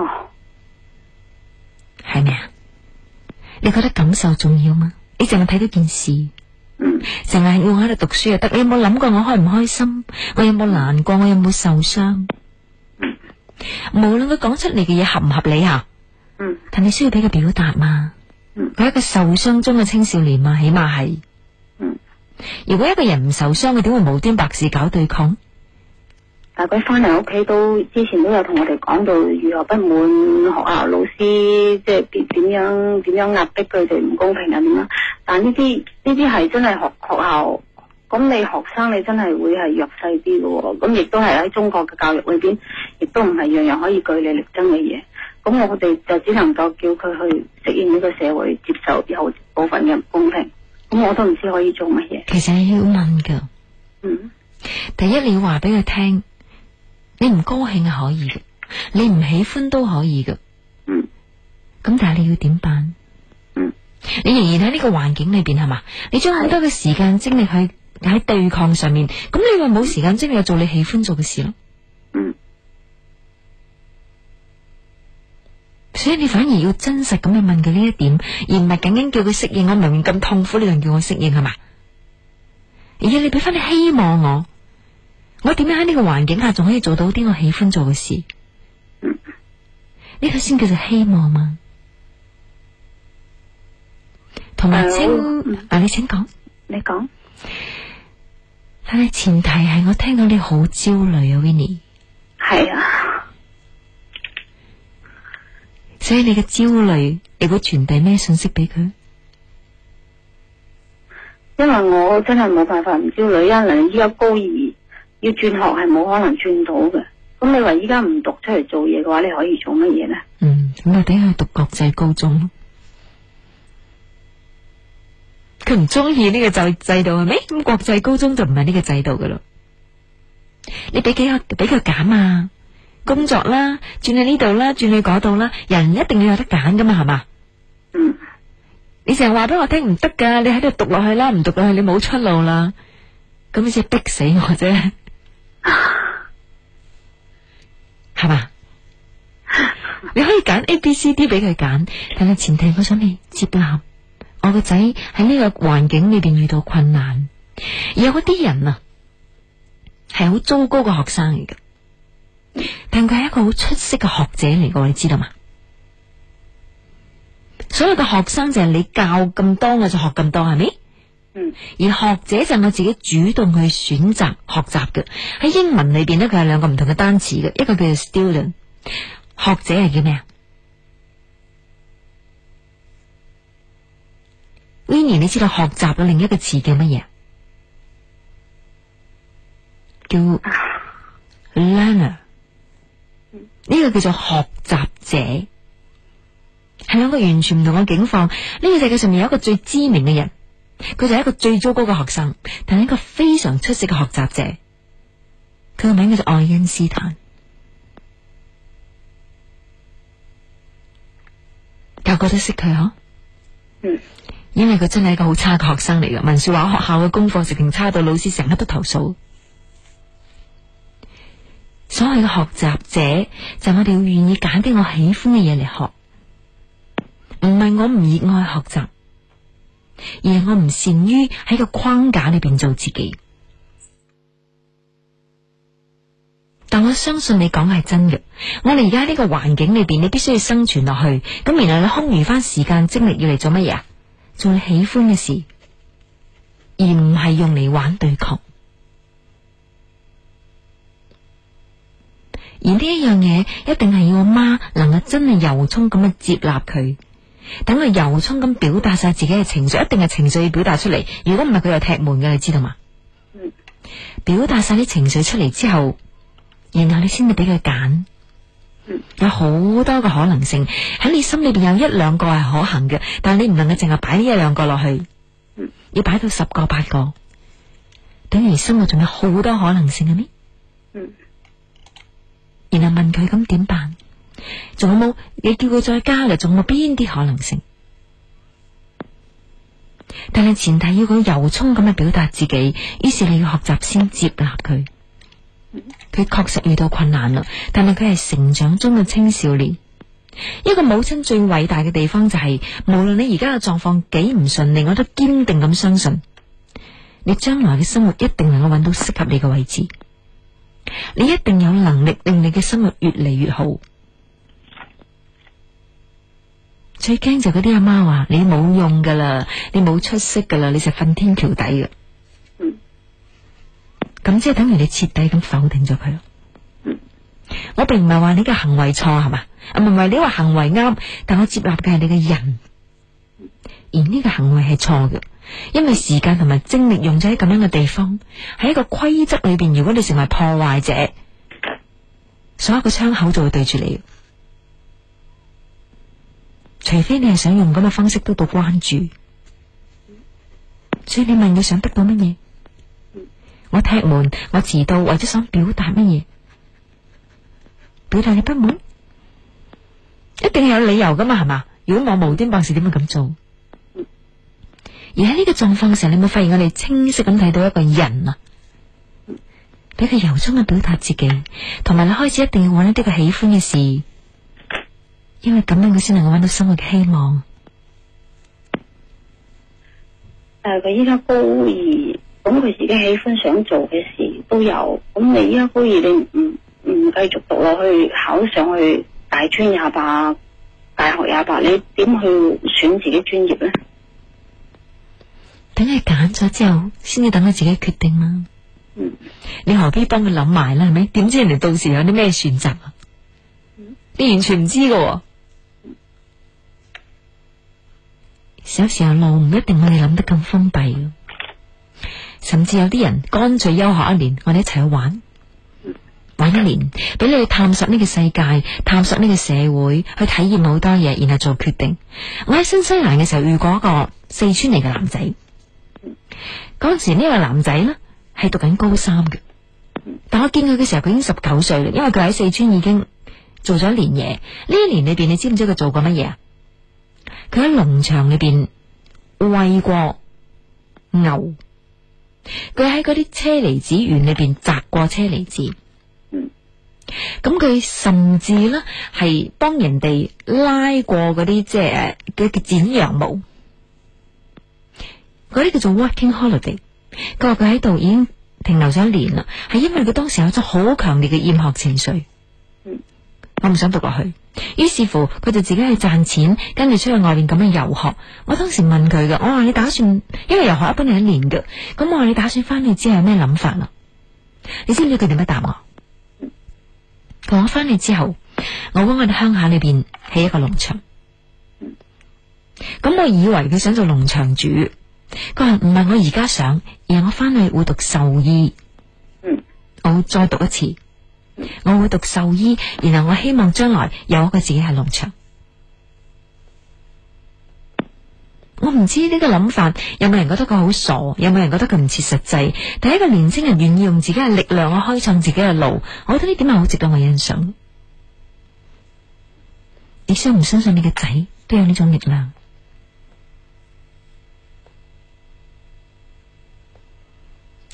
係咪啊？你覺得感受重要嗎？你淨係睇到件事，嗯，淨係我喺度讀書又得，你有冇諗過我開唔開心？我有冇難過？我有冇受傷？ 無論佢講出嚟嘅嘢合唔合理啊？嗯， 但你需要俾佢表達嘛？佢係 一個受傷中嘅青少年嘛，起碼係。如果一個人唔受傷，佢點會無端白事搞對抗？但佢翻嚟屋企都之前都有同我哋講到如何不滿學校老師，即係點點樣點樣壓迫佢哋唔公平啊？點樣？但呢啲呢啲係真係學學校，咁你學生你真係會係弱勢啲嘅，咁亦都係喺中國嘅教育裏邊，亦都唔係樣樣可以據理力爭嘅嘢。咁我哋就只能夠叫佢去適應呢個社會，接受有部分嘅唔公平。咁、嗯、我都唔知可以做乜嘢。其實要、嗯、你要問噶，嗯，第一你要話俾佢聽，你唔高興係可以嘅，你唔喜歡都可以嘅。嗯。咁但係你要點辦？嗯，你仍然喺呢個環境裏邊係嘛？你將好多嘅時間精力去喺對抗上面，咁你咪冇時間精力去做你喜歡做嘅事咯？嗯。所以你反而要真實咁去問佢呢一點，而唔係僅僅叫佢適應。我明明咁痛苦，你仲叫我適應係嘛？而且你俾翻你希望我，我點樣喺呢個環境下仲可以做到啲我喜歡做嘅事？呢、嗯、個先叫做希望嘛。同埋，清，你請講，你講說。但係，前提係我聽到你好焦慮啊 Winnie 係啊。所以你嘅焦慮，你會傳遞咩信息俾佢？因為我真係冇辦法唔焦慮啊！因為你依家高二要轉學係冇可能轉到嘅。咁你話依家唔讀出嚟做嘢嘅話，你可以做乜嘢呢？嗯，咁啊，等佢讀國際高中咯。佢唔中意呢個制制度係咪？咁國際高中就唔係呢個制度嘅咯。你俾幾個俾佢揀啊？工作啦，轉去呢度啦，轉去嗰度啦，人一定要有得揀噶嘛，係嘛、嗯？你成日話俾我聽唔得噶，你喺度讀落去啦，唔讀落去你冇出路啦，咁你先係逼死我啫，係嘛？ 你可以揀 A、B、C、D 俾佢揀，但係前提我想你接納我個仔喺呢個環境裏邊遇到困難，有嗰啲人啊係好糟糕嘅學生嚟噶。但佢係一個好出色嘅學者嚟個，你知道嘛？所以個學生就係你教咁多，我就學咁多，係咪？嗯。而學者就係我自己主動去選擇學習嘅。喺英文裏邊呢，佢係兩個唔同嘅單詞嘅，一個叫做 student，學者係叫咩啊？Winnie，你知道學習嘅另一個詞叫乜嘢？叫 learner。呢個叫做學習者，係兩個完全唔同嘅境況。呢個世界上面有一個最知名嘅人，佢就係一個最糟糕嘅學生，但係一個非常出色嘅學習者。佢個名叫做愛因斯坦。教哥都識佢嗬，啊、嗯，因為佢真係一個好差嘅學生嚟噶，文說話學校嘅功課直情差到老師成日都投訴。所謂嘅學習者，就係我哋要願意揀啲我喜歡嘅嘢嚟學，唔係我唔熱愛學習，而係我唔善於喺個框架裏邊做自己。但我相信你講係真嘅，我哋而家呢個環境裏邊，你必須要生存落去。咁原來你空餘翻時間精力要嚟做乜嘢啊？做你喜歡嘅事，而唔係用嚟玩對抗。而呢一樣嘢，一定係要阿媽能夠真係由衷咁啊接納佢，等佢由衷咁表達晒自己嘅情緒，一定係情緒要表達出嚟。如果唔係，佢又踢門嘅，你知道嘛？嗯。表達晒啲情緒出嚟之後，然後你先至俾佢揀。嗯。有好多個可能性喺你心裏邊，有一兩個係可行嘅，但係你唔能夠淨係擺呢一兩個落去。嗯。要擺到十個八個，等於心活仲有好多可能性嘅咩？嗯。然後問佢咁點辦？仲有冇，你叫佢再加嚟，仲有邊啲可能性？但係前提要佢由衷咁樣表達自己，於是你要學習先接納佢。佢確實遇到困難啦，但係佢係成長中嘅青少年。一個母親最偉大嘅地方就係，無論你而家嘅狀況幾唔順利，我都堅定咁相信，你將來嘅生活一定能夠揾到適合你嘅位置。你一定有能力令你嘅生活越嚟越好，最驚就嗰啲阿媽話你冇用㗎喇，你冇出息㗎喇，你就瞓天橋底嘅。咁即係等於你徹底咁否定咗佢咯。我並唔係話你嘅行為錯，係嘛？唔係你話行為啱，但我接納嘅係你嘅人，而呢個行為係錯嘅。因為時間同埋精力用咗喺咁樣嘅地方，喺一個規則裏邊，如果你成為破壞者，所有個窗口就會對住你。除非你係想用咁嘅方式得到關注，所以你問佢想得到乜嘢？我踢門，我遲到，或者想表達乜嘢？表達你不滿？一定有理由噶嘛，係嘛？如果我無端白事，點會咁做？而喺呢個狀況嘅時候，你有冇發現我哋清晰咁睇到一個人啊？俾佢由衷嘅表達自己，同埋你開始一定要揾一啲佢喜歡嘅事，因為咁樣佢先能夠揾到生活嘅希望。誒，佢依家高二，咁佢自己喜歡想做嘅事都有。咁你依家高二你，你唔唔繼續讀落去考上去大專也罷，大學也罷，你點去選自己專業咧？等佢揀咗之後，先至等佢自己決定啦、啊。 你何必幫佢諗埋啦？係咪？點知人哋到時有啲咩選擇啊？ 你完全唔知噶、啊。嗯， 時有時候路唔一定我哋諗得咁封閉、啊，甚至有啲人乾脆休學一年，我哋一齊去玩，玩一年，俾你去探索呢個世界，探索呢個社會，去體驗好多嘢，然後做決定。我喺新西蘭嘅時候遇過一個四川嚟嘅男仔。嗰陣時呢個男仔呢，係讀緊高三嘅，但我見佢嘅時候佢已經十九歲啦，因為佢喺四川已經做咗一年嘢。呢一年裏邊，你知唔知佢做過乜嘢啊？佢喺農場裏邊餵過牛，佢喺嗰啲車厘子園裏邊摘過車厘子。咁佢甚至呢，係幫人哋拉過嗰啲即係嘅、呃、剪羊毛。嗰啲叫做 working holiday。佢話佢喺度已經停留咗一年啦，係因為佢當時有咗好強烈嘅厭學情緒。我唔想讀落去，於是乎佢就自己去賺錢，跟住出去外面咁樣遊學。我當時問佢嘅，我話你打算，因為遊學一般係一年㗎，咁我話你打算翻去之後有咩諗法啊？你知唔知佢點樣答我？同我翻嚟之後，我喺我哋鄉下裏邊起一個農場。嗯，咁我以為佢想做農場主。佢話唔係我而家想，而係我翻去會讀獸醫。我會再讀一次，我會讀獸醫，然後我希望將來有一個自己係農場。我唔知呢個諗法有冇人覺得佢好傻，有冇人覺得佢唔切實際？但係一個年青人願意用自己嘅力量去開創自己嘅路，我覺得呢點係好值得我欣賞。你相唔相信你嘅仔都有呢種力量？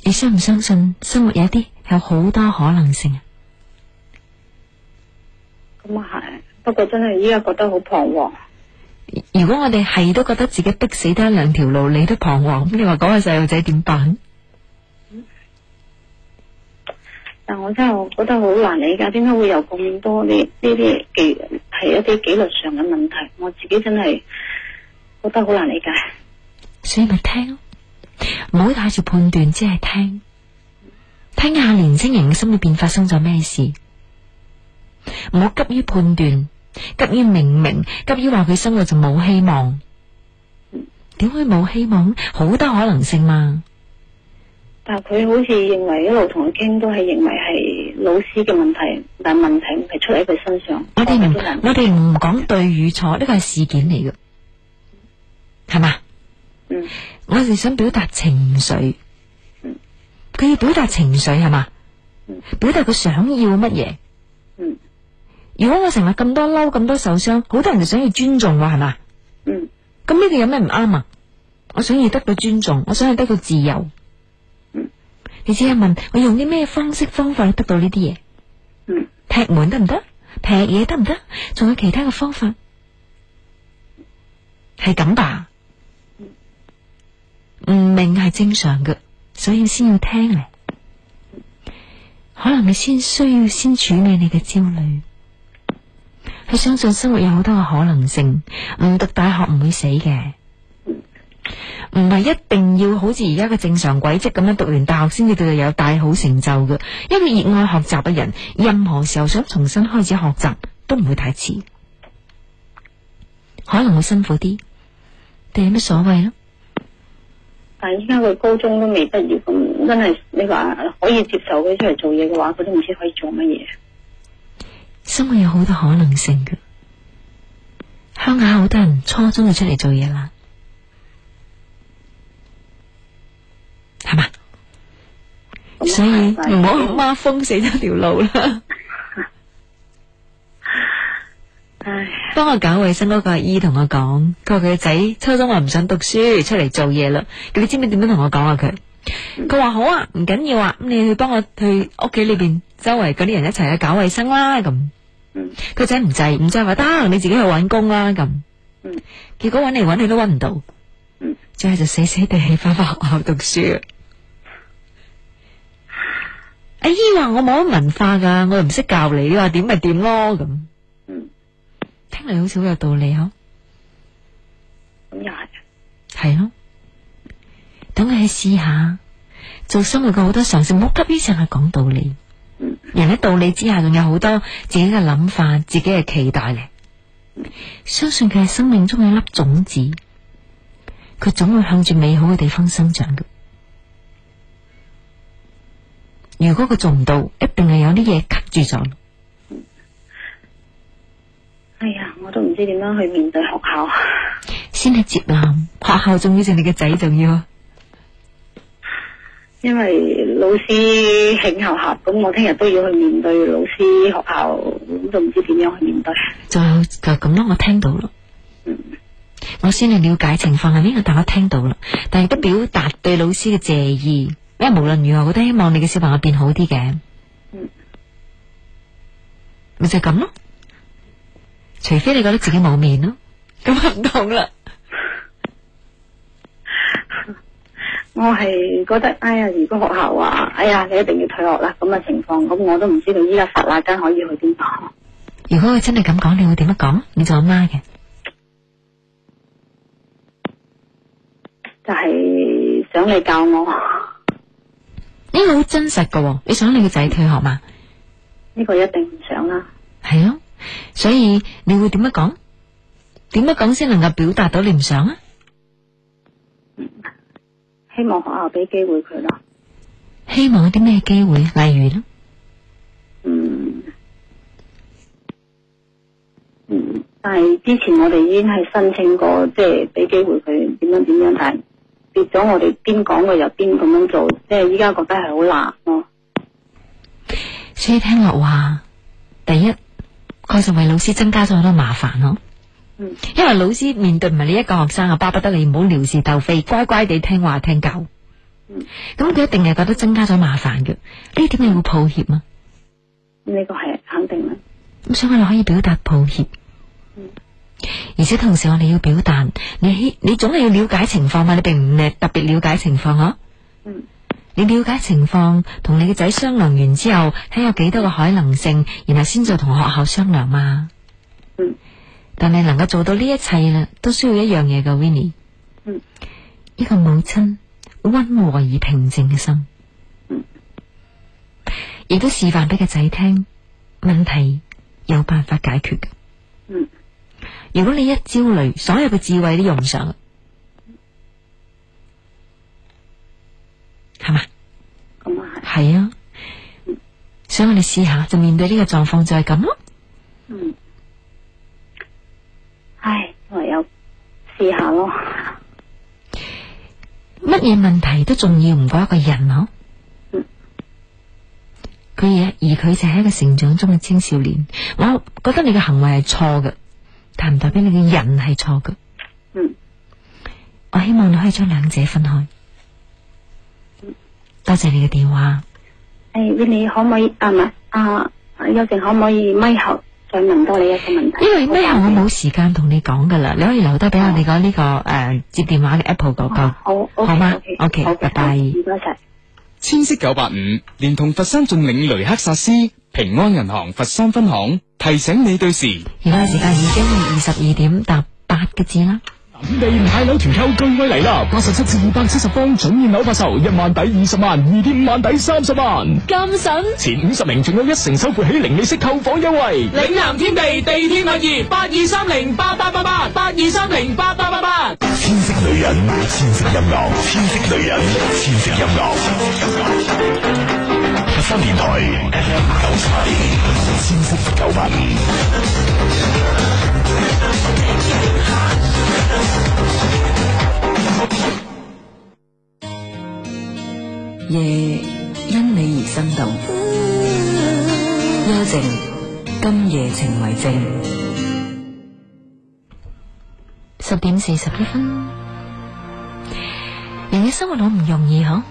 你相唔相信生活有啲有好多可能性啊？咁啊係，不過真係依家覺得好彷徨。如果我哋係都覺得自己逼死得兩條路，你都彷徨，咁你話嗰個細路仔點辦？嗯，但我真係覺得好難理解，點解會有咁多呢？呢啲記係一啲紀律上嘅問題，我自己真係覺得好難理解。所以咪聽。唔好太早判斷，即係聽聽下年青人嘅心裏邊發生咗咩事，唔好急於判斷，急於明唔明，急於話佢生活就冇希望。點會冇希望？好多可能性嘛。但係佢好似認為一路同佢傾都係認為係老師嘅問題，但係問題唔係出喺佢身上。我哋唔，我哋唔講對與錯，呢個係事件嚟嘅，係嘛？嗯。我哋想表達情緒，佢要表達情緒係嘛？表達佢想要乜嘢？如果我成日咁多嬲，咁多受傷，好多人就想要尊重喎，係嘛？咁呢個有咩唔啱啊？我想要得到尊重，我想要得到自由。你只係問我用啲咩方式方法得到呢啲嘢？踢門得唔得？劈嘢得唔得？仲有其他嘅方法？係咁吧。唔明係正常嘅，所以先要聽咧。可能你先需要先處理你嘅焦慮，去相信生活有好多嘅可能性。唔讀大學唔會死嘅，唔係一定要好似而家嘅正常軌跡咁樣讀完大學先至對佢有大好成就嘅。因為熱愛學習嘅人，任何時候想重新開始學習都唔會太遲，可能會辛苦啲，定係有乜所謂咯？但係依家，佢高中都未畢業，咁真係你話可以接受佢出嚟做嘢嘅話，佢都唔知可以做乜嘢。生活有好多可能性㗎，鄉下好多人初中就出嚟做嘢啦，係嘛？嗯、所以唔好媽封死咗條路啦。 幫我搞衛生嗰個阿姨同我講，佢話佢個仔初中話唔想讀書，出嚟做嘢啦。咁你知唔知點樣同我講啊？佢佢話好啊，唔緊要啊。咁你去幫我去屋企裏邊周圍嗰啲人一齊去搞衛生啦，啊。咁，佢仔唔制，唔制係話得你自己去搵工啦，啊。咁，結果搵嚟搵去都搵唔到，就係就死死地翻翻學校讀書。阿姨話我冇乜文化噶，我又唔識教你，你話點咪點咯咁。聽嚟好似好有道理嗬，咁又係，係咯、嗯。等佢去試下，做生活嘅好多嘗試，唔好急於成日講道理。人喺道理之下，仲有好多自己嘅諗法，自己嘅期待咧。相信佢係生命中嘅一粒種子，佢總會向住美好嘅地方生長嘅。如果佢做唔到，一定係有啲嘢吸住咗。哎呀，我都唔知點樣去面對學校，先係接納學校要剩你，仲要就你個仔仲要。因為老師請考核，咁我聽日都要去面對老師學校，咁都唔知點樣去面對。就就咁咯，我聽到咯，嗯、我先去了解情況係邊個，大家聽到啦，但係都表達對老師嘅謝意，因為無論如何，我都希望你嘅小朋友變好啲嘅。嗯，咪就咁咯。除非你覺得自己冇面咯，咁唔同啦。我係覺得，哎呀，如果學校話，哎呀，你一定要退學啦。咁嘅情況，咁我都唔知道，依家佛那根可以去邊度。如果佢真係咁講，你會點樣講？你做阿媽嘅，就係想你教我。呢個好真實噶，你想你個仔退學嘛？呢個一定唔想啦。係啊。所以你會點樣講？點樣講先能夠表達到你唔想啊？希望學校俾機會佢咯。希望有啲咩機會？例如呢？嗯嗯，但係之前我哋已經係申請過，即係俾機會佢點樣點樣，但係變咗我哋邊講嘅又邊咁樣做，即係依家覺得係好難咯。所以聽落話，第一。佢仲為老師增加咗好多麻煩咯，嗯，因為老師面對唔係你一個學生啊，巴不得你唔好撩事鬥非，乖乖地聽話聽教，嗯，咁佢一定係覺得增加咗麻煩嘅，呢點你會抱歉啊？呢個係肯定啦，咁所以我哋可以表達抱歉，嗯，而且同時我哋要表達，你你總係要了解情況嘛，你並唔係特別了解情況啊。嗯。你了解情況，同你嘅仔商量完之後，睇有幾多個可能性，然後先再同學校商量嘛。嗯，但係能夠做到呢一切啦，都需要一樣嘢嘅，Winnie。嗯，一個母親溫和而平靜嘅心。嗯，亦都示範俾個仔聽，問題有辦法解決嘅。嗯，如果你一焦慮，所有嘅智慧都用唔上。係嘛？咁啊係。嗯、啊，嗯、所以我哋試下就面對呢個狀況就係咁咯。嗯。唉，唯有試下咯、啊。乜嘢問題都重要唔過一個人咯、啊。佢、嗯、而佢就係一個成長中嘅青少年，我覺得你嘅行為係錯嘅，但唔代表你嘅人係錯嘅。嗯。我希望你可以將兩者分開。多謝你嘅電話。誒、哎，你可唔可以啊？唔係啊，有陣可唔可以咪後再問多你一個問題？因為咪後我冇時間同你講噶啦，你可以留低俾我、哦、你、這個呢個誒接電話嘅 Apple 哥、那、哥、個哦，好，okay, 好嗎？OK，拜拜。唔該晒。千色九百五，連同佛山駿領雷克薩斯，平安銀行佛山分行提醒你對時。而家時間已經係二十二點搭八個字啦。本地買樓團購钜惠嚟啦！八十七至二百七十方準現樓發售，一萬抵二十萬，二點五萬抵三十萬。咁神！前五十名仲有一成首付起零，零利息購房優惠。嶺南天地地天物業，八二三零八八八八，八二三零八八八八。千色女人，千色音樂，千色女人，千色音樂。佛山電台 FM 九八點五，千色九八五。天 夜因你而生動，幽靜今夜情為證。十點四十一分，人嘅生活好唔容易嗬。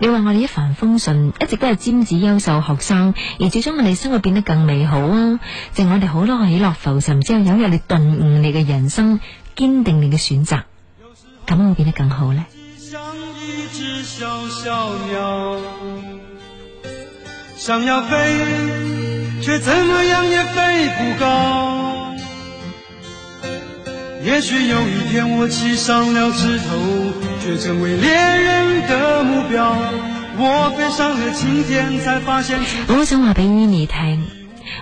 你話我哋一帆風順，一直都係尖子優秀學生，而最終我哋生活變得更美好啊！就我哋好多喜樂浮沉之後，有日你頓悟你嘅人生，堅定你嘅選擇。咁會變得更好咧？我想話俾 Vinny 聽，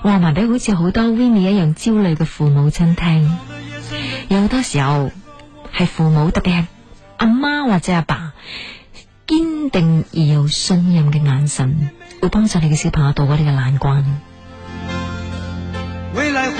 話埋俾好似好多 Vinny 一樣焦慮嘅父母親聽，有多時候。係父母，特別係阿媽或者阿爸，堅定而又信任嘅眼神，會幫助你嘅小朋友渡過你嘅難關。未來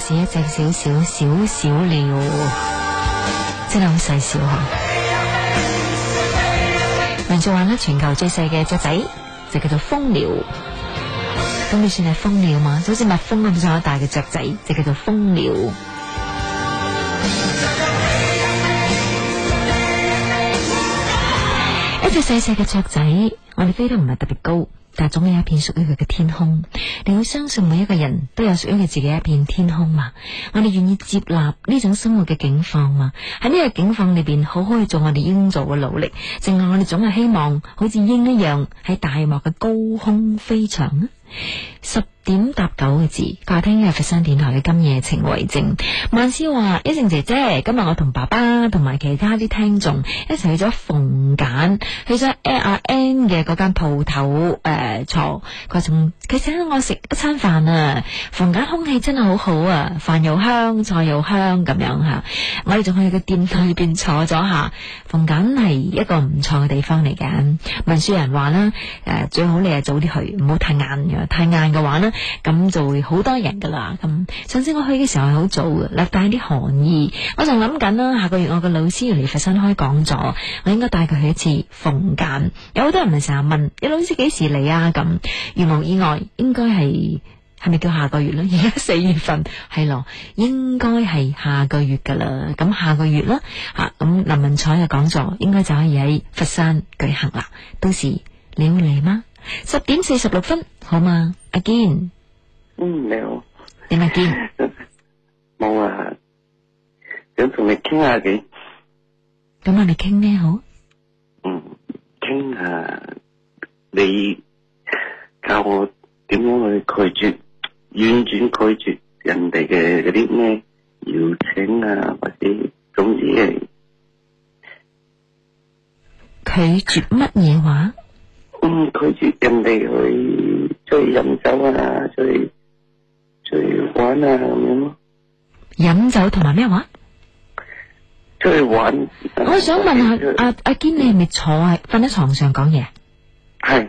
是一隻小小小小鳥，真係好細小嗬、啊。民族話咧， 全球最細嘅雀仔就叫做蜂鳥。咁你算係蜂鳥嘛？就好似蜜蜂咁上下大嘅雀仔，就叫做蜂鳥。一隻細細嘅雀仔，我哋飛得唔係特別高，但係總有一片屬於佢嘅天空。你要相信每一個人都有屬於佢自己一片天空嘛？我哋願意接納呢種生活嘅境況嘛？喺呢個境況裏邊，好，好可以做我哋應做嘅努力，正係我哋總係希望好似鷹一樣喺大漠嘅高空飛翔啊！點答九個字？佢話聽日佛山電台嘅今夜情為證。萬詩話：一靜姐姐，今日我同爸爸同埋其他啲聽眾一齊去咗逢簡，去咗 L R N 嘅嗰間鋪頭誒坐。佢仲佢請我食一餐飯啊！逢簡空氣真係好好啊，飯又香，菜又香咁樣吓。我哋仲去個店內邊坐咗下。逢簡係一個唔錯嘅地方嚟嘅。文書人話啦，誒、呃、最好你係早啲去，唔好太晏嘅。太晏嘅話呢。咁就會好多人噶啦，咁上次我去嘅時候係好早嘅，略帶啲寒意。我仲諗緊啦，下個月我嘅老師要嚟佛山開講座，我應該帶佢去一次逢簡。有好多人咪成日問，你老師幾時嚟啊？咁，如無意外，應該係係咪叫下個月啦？而家四月份係咯，應該係下個月噶啦。咁下個月啦，吓、啊、咁林文采嘅講座應該就可以喺佛山舉行啦。到時你會嚟嗎？十點四十六分，好嘛？阿健，嗯，你好，點啊？健，冇啊，想同你傾下嘅。咁我哋傾咩好？嗯，傾下你教我點樣去拒絕、婉轉拒絕人哋嘅嗰啲咩邀請啊，或者總之拒絕乜嘢話？唔拒絕人哋去出去飲酒啊，出去出去玩啊咁樣咯。飲酒同埋咩話？出去玩。我想問下阿阿堅，你係咪坐喺瞓喺床上講嘢？係。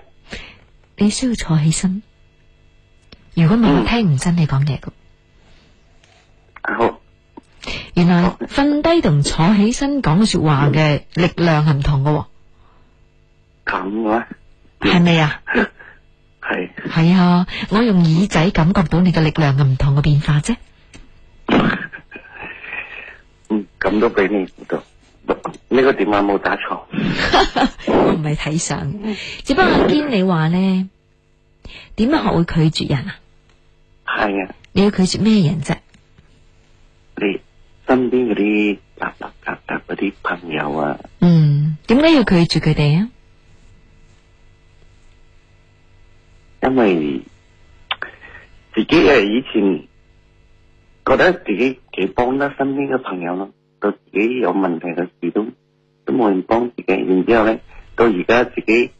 你需要坐起身。如果唔係，聽唔真你講嘢嘅。好。原來瞓低同坐起身講說話嘅力量係唔同㗎。咁啊？係咪？啊？係係 是啊！我用耳仔感覺到你嘅力量嘅唔同嘅變化啫。嗯， 咁都俾你到。呢個電話冇打錯。 我唔係睇相，只不過堅，你話咧，點樣學會拒絕人啊？係啊的。你要拒絕咩人啫？你身邊嗰啲雜雜雜雜嗰啲朋友啊。嗯，點解要拒絕佢哋啊？因為自己誒以前覺得自己幾幫得身邊嘅朋友咯，到自己有問題嘅事都都冇人幫自己，然之後咧到而家自己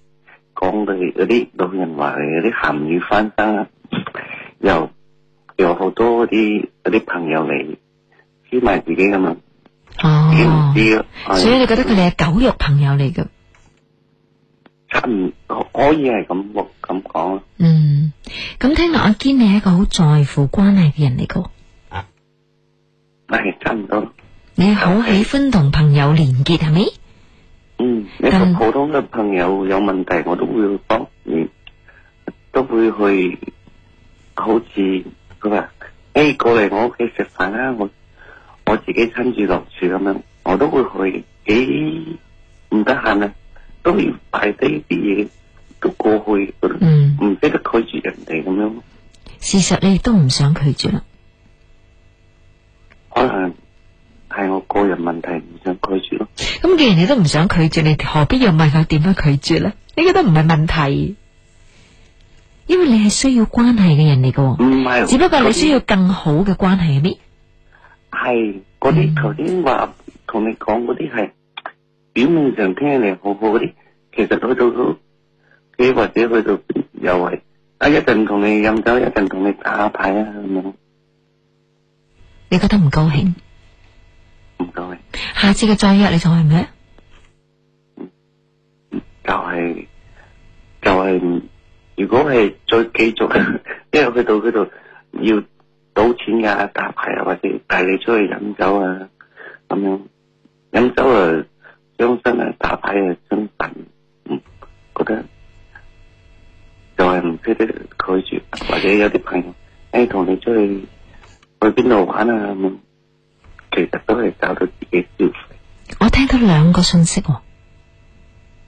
講到啲老人話嚟，嗰啲鹹魚翻生啊，又又好多啲啲朋友嚟支埋自己噶嘛，哦、知唔知，所以你覺得佢哋係狗肉朋友嚟噶。差唔多可以係咁咁講咯。嗯，咁聽落阿堅，你係一個好在乎關係嘅人嚟噶。係 差唔多。你好喜歡同朋友連結係咪？ 吧嗯。你同普通嘅朋友有問題，我都會講，嗯，但都會去。好似佢話誒過嚟我屋企食飯啊，我我自己親自落廚咁樣，我都會去。誒，唔得閒啊。都要帶低啲嘢，到過去，嗯，唔識得拒絕人哋咁樣咯。事實你亦都唔想拒絕咯，可能係我個人問題唔想拒絕咯。咁、嗯、既然你都唔想拒絕，你何必要問佢點樣拒絕咧？呢個都唔係問題，因為你係需要關係嘅人嚟嘅。唔係是，只不過你需要更好嘅關係嘅咩？係嗰啲頭先話同你講嗰啲係。表面上聽起嚟好好啲，其實去到佢或者去到又係啊，一陣同你飲酒，一陣同你打牌啊咁樣。你覺得唔高興？唔高興。下次嘅再約你仲去咩？就係、是、就係、是，如果係再繼續， 因為去到嗰度要賭錢噶、啊、打牌啊，或者帶你出去飲酒啊咁樣，飲酒啊。將身喺打牌啊，將神嗯，覺得就係唔識得拒絕，或者有啲朋友誒同、哎、你出去去邊度玩啊咁、嗯，其實都係搞到自己舒服。我聽到兩個信息、哦，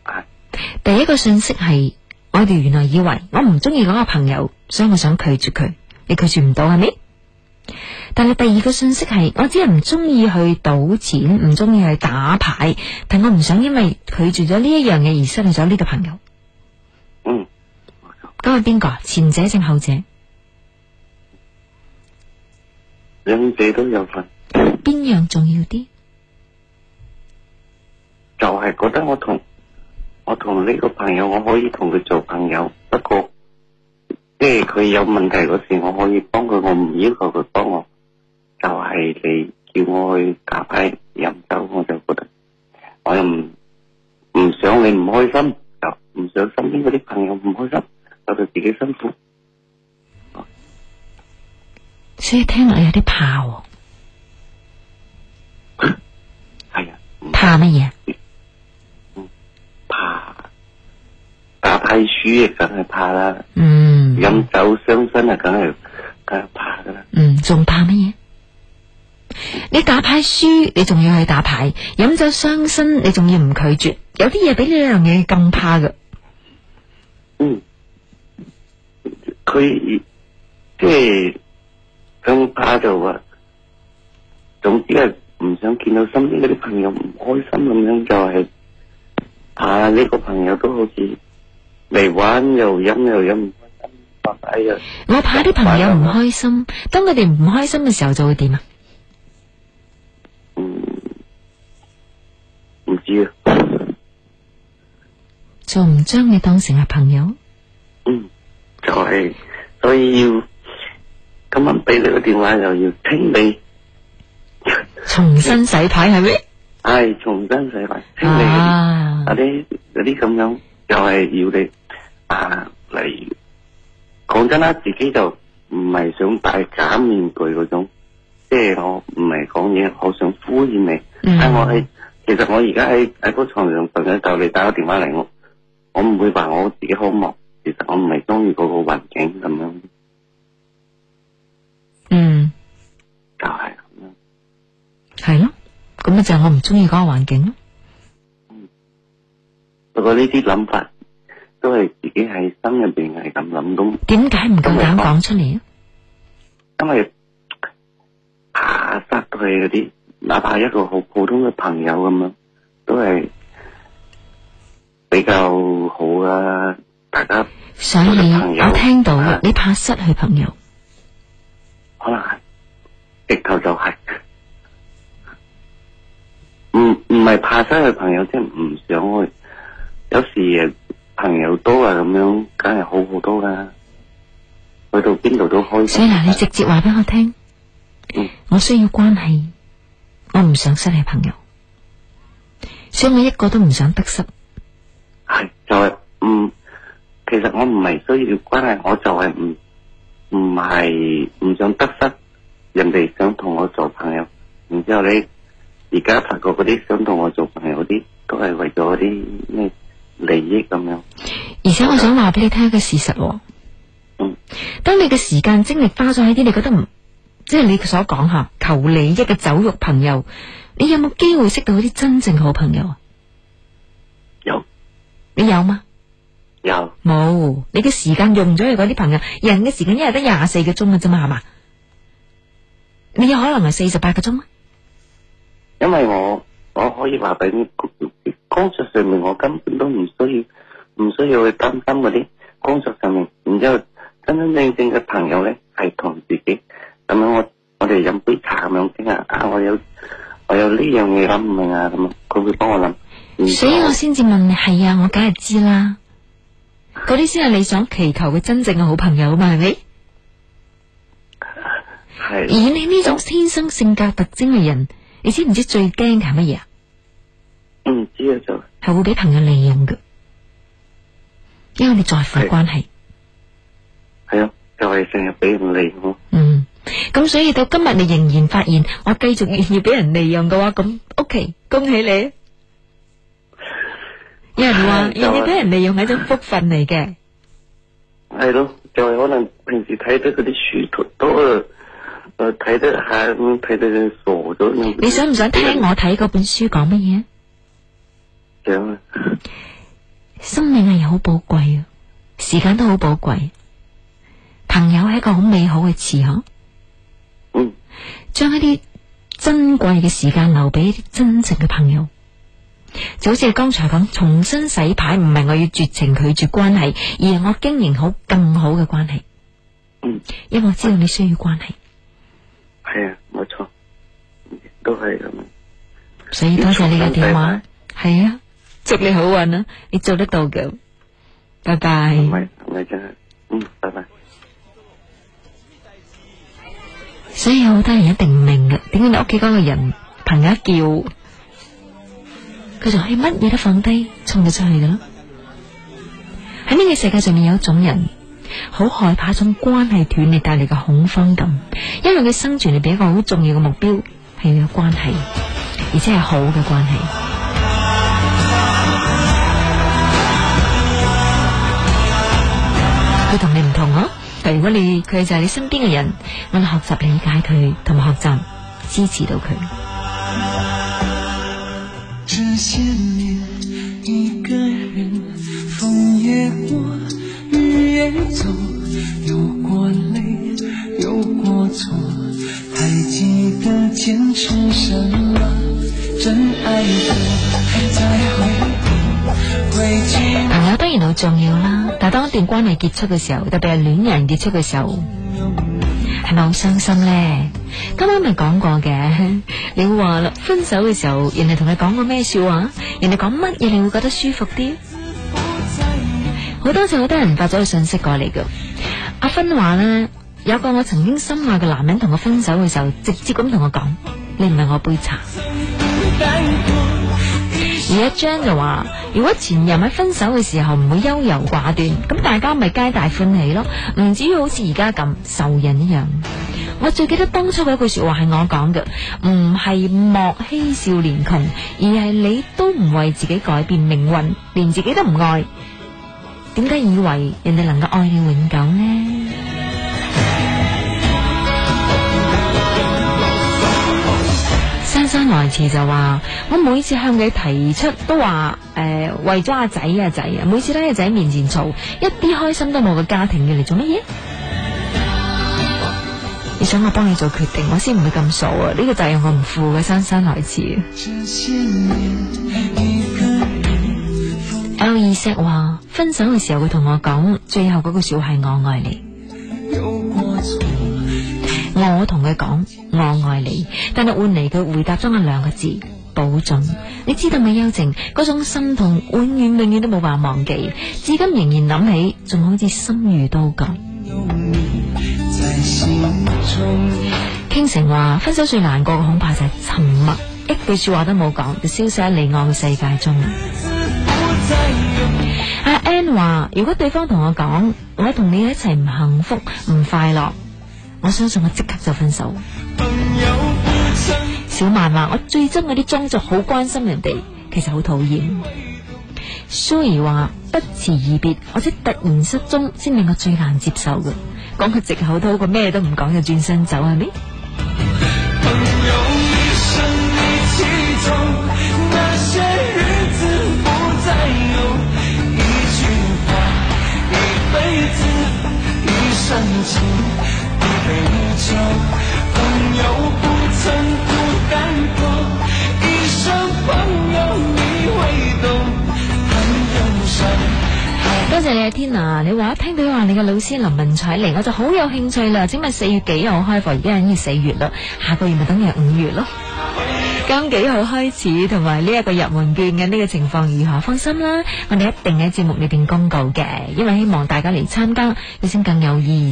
係是第一個信息係我哋原來以為我唔中意嗰個朋友，所以我想拒絕佢，你拒絕唔到係咪？但係第二個信息係，我只係唔中意去賭錢，唔中意去打牌，但我唔想因為拒絕咗呢一樣嘢，而失去咗呢個朋友。嗯。咁係邊個？前者定後者？兩者都有份。邊樣重要啲？就係覺得我同我同呢個朋友，我可以同佢做朋友，不過即係佢有問題嗰時，我可以幫佢，我唔要求佢幫我。就係你叫我去打牌飲酒，我就覺得我又唔唔想你唔開心，又唔想身邊嗰啲朋友唔開心，搞到自己辛苦。所以聽落你有啲怕？係啊，嗯、怕乜嘢？嗯？嗯，怕打牌輸，亦梗係怕啦。嗯，飲酒傷身啊，梗係梗係怕噶啦。嗯，仲怕乜嘢？你打牌輸，你仲要去打牌；飲酒傷身，你仲要唔拒絕？有啲嘢比呢樣嘢更怕㗎。嗯，佢即係更怕就話，是，總之係唔想見到身邊嗰啲朋友唔開心咁樣，就係，是、啊呢、這個朋友都好似嚟玩又飲又飲，哎呀！我怕啲朋友唔開心，當佢哋唔開心嘅時候，就會點啊？仲唔將你當成係朋友？嗯，就係所以要今晚俾你個電話，又要聽你重新洗牌係咩？係重新洗牌，聽你嗰啲嗰啲嗰啲咁樣，就係要你啊嚟講真啦，自己就唔係想戴假面具嗰種，即係我唔係講嘢，我想敷衍你，但係我係。其實我而家喺喺張床上瞓緊覺，就你打個電話嚟，我我唔會話我自己好忙。其實我唔係中意嗰個環境咁樣。嗯，就係咁樣。係咯，咁咪就係我唔中意嗰個環境咯。嗯，不過呢啲諗法都係自己喺心入邊係咁諗咁。點解唔夠膽講出嚟？因為吓塞佢嗰啲。哪怕一個好普通嘅朋友咁樣，都係比較好噶。大家朋友，所以你，我聽到啦，你怕失去朋友？可能係，直頭就係、是。唔唔係怕失去朋友，即係唔想去。有時朋友多啊，咁樣梗係好好多噶。去到邊度都開心。所以嗱，你直接話俾我聽，嗯、我需要關係。我唔想失去你朋友，所以我一個都唔想得失。係就係唔、嗯，其實我唔係需要關係，我就係唔唔係唔想得失。人哋想同我做朋友，然之後你，而家發覺嗰啲想同我做朋友嗰啲，都係為咗嗰啲咩利益咁樣。而且我想話俾、嗯、你聽一個事實，嗯、當你嘅時間精力花咗喺啲，你覺得唔？即係你所講吓，求利益嘅酒肉朋友，你有冇機會識到啲真正好朋友啊？有，你有嗎？有冇你嘅時間用咗去嗰啲朋友人嘅時間一日得廿四個鐘㗎啫嘛？係嘛？你有可能係四十八個鐘？因為我我可以話俾你，工作上面我根本都唔需要唔需要去擔心嗰啲工作上面，然之後真真正正嘅朋友咧係同自己。咁樣我我哋飲杯茶咁樣傾下啊，啊我有我有呢樣嘢諗唔明啊，咁佢會幫我諗，所以我先至問你係啊，我梗係知啦，嗰啲先係你想祈求嘅真正嘅好朋友嘛，係咪？係。而你呢種天生性格特徵嘅人，你知唔知最驚嘅係乜嘢啊？唔知啊就係會俾朋友利用噶，因為你在乎嘅關係。係啊，就係成日俾人利用。嗯。咁所以到今日你仍然發現我繼續願意俾人利用嘅話，咁屋企恭喜你，有人話願意俾人利用係一種福分嚟嘅。係咯，就係可能平時睇得嗰啲書多，誒，睇得吓，睇到你傻咗。你想唔想聽我睇嗰本書講乜嘢啊？想啊！生命係好寶貴，時間都好寶貴，朋友係一個好美好嘅詞嗬。將一啲珍貴嘅時間留俾一啲真正嘅朋友，就好似係剛才講，重新洗牌，唔係我要絕情拒絕關係，而係我經營好更好嘅關係。嗯，因為我知道你需要關係。係啊、嗯，冇、嗯、錯，都係咁。嗯、所以多謝你嘅電話，係啊、嗯，祝你好運啊，你做得到嘅，拜拜。唔係唔係真，嗯，拜拜。所以有好多人一定唔明嘅，點解你屋企嗰個人朋友一叫，佢就可以乜嘢都放低，衝咗出去噶啦。喺呢個世界上面，有一種人好害怕一種關係斷裂帶嚟嘅恐慌感，因為佢生存嚟，俾一個好重要嘅目標係要有關係，而且係好嘅關係。佢同你唔同啊！但如果你佢就係你身邊嘅人，我哋學習理解佢，同埋學習支持到佢。這些年一個人，風也過，雨也走，有過淚，有過錯，還記得堅持什麼？真愛過，再會。朋友當然好重要啦。當一段關係結束嘅時候，特別係戀人結束嘅時候，係咪好傷心呢？今晚咪講過嘅，你會話啦，分手嘅時候，人哋同你講過咩說話，人哋講乜嘢你會覺得舒服啲？ 好多時好多人發咗個信息過嚟嘅，阿芬話呢，有個我曾經心愛嘅男人同我分手嘅時候，直接咁同我講，你唔係我杯茶。 一張就話，如果前任喺分手嘅時候唔會優柔寡斷，咁大家咪皆大歡喜咯。唔至於好似而家咁仇人一樣。我最記得當初嘅一句說話係我講嘅，唔係莫欺少年窮，而係你都唔為自己改變命運，連自己都唔愛，點解以為人哋能夠愛你永久呢？山來遲就話，我每次向佢提出都話，誒、呃、為咗阿仔啊仔啊，每次喺阿仔面前嘈，一啲開心都冇嘅家庭嘅嚟做乜嘢？你想我幫你做決定，我先唔會咁傻。啊！呢個責任我唔負嘅，山山來遲啊。 L 意 S 話分手嘅時候佢同我講，最後嗰句說話係我愛你。我同佢講我愛你，但係換嚟佢回答咗我兩個字：保重。你知道咪幽靜嗰種心痛，永遠永遠都冇辦法忘記，至今仍然諗起，仲好似心如刀割。傾城話分手最難過嘅恐怕就係沉默，一句說話都冇講，就消失喺離岸嘅世界中。阿、嗯、Ann 話：如果對方同我講，我同你一齊唔幸福唔快樂。我相信我即刻就分手。小曼話、啊：我最憎嗰啲裝作好關心人哋，其實好討厭。蘇兒話：不辭而別或者突然失蹤，先令我最難接受嘅。講佢借口都好過咩都唔講就轉身走、啊，係咪？朋友一生一起走，那些日子不再有一朋友不曾孤單過，一生朋友你會懂，多謝 Tina，你啊，天娜！你話一聽到話你嘅老師林文采嚟，我就好有興趣啦。請問四月幾號開課？而家已經四月啦，下個月咪等於五月咯。今幾號開始？同埋呢一個入門券嘅呢個情況如何？放心啦，我哋一定喺節目裏邊公告嘅，因為希望大家嚟參加，你先更有意義。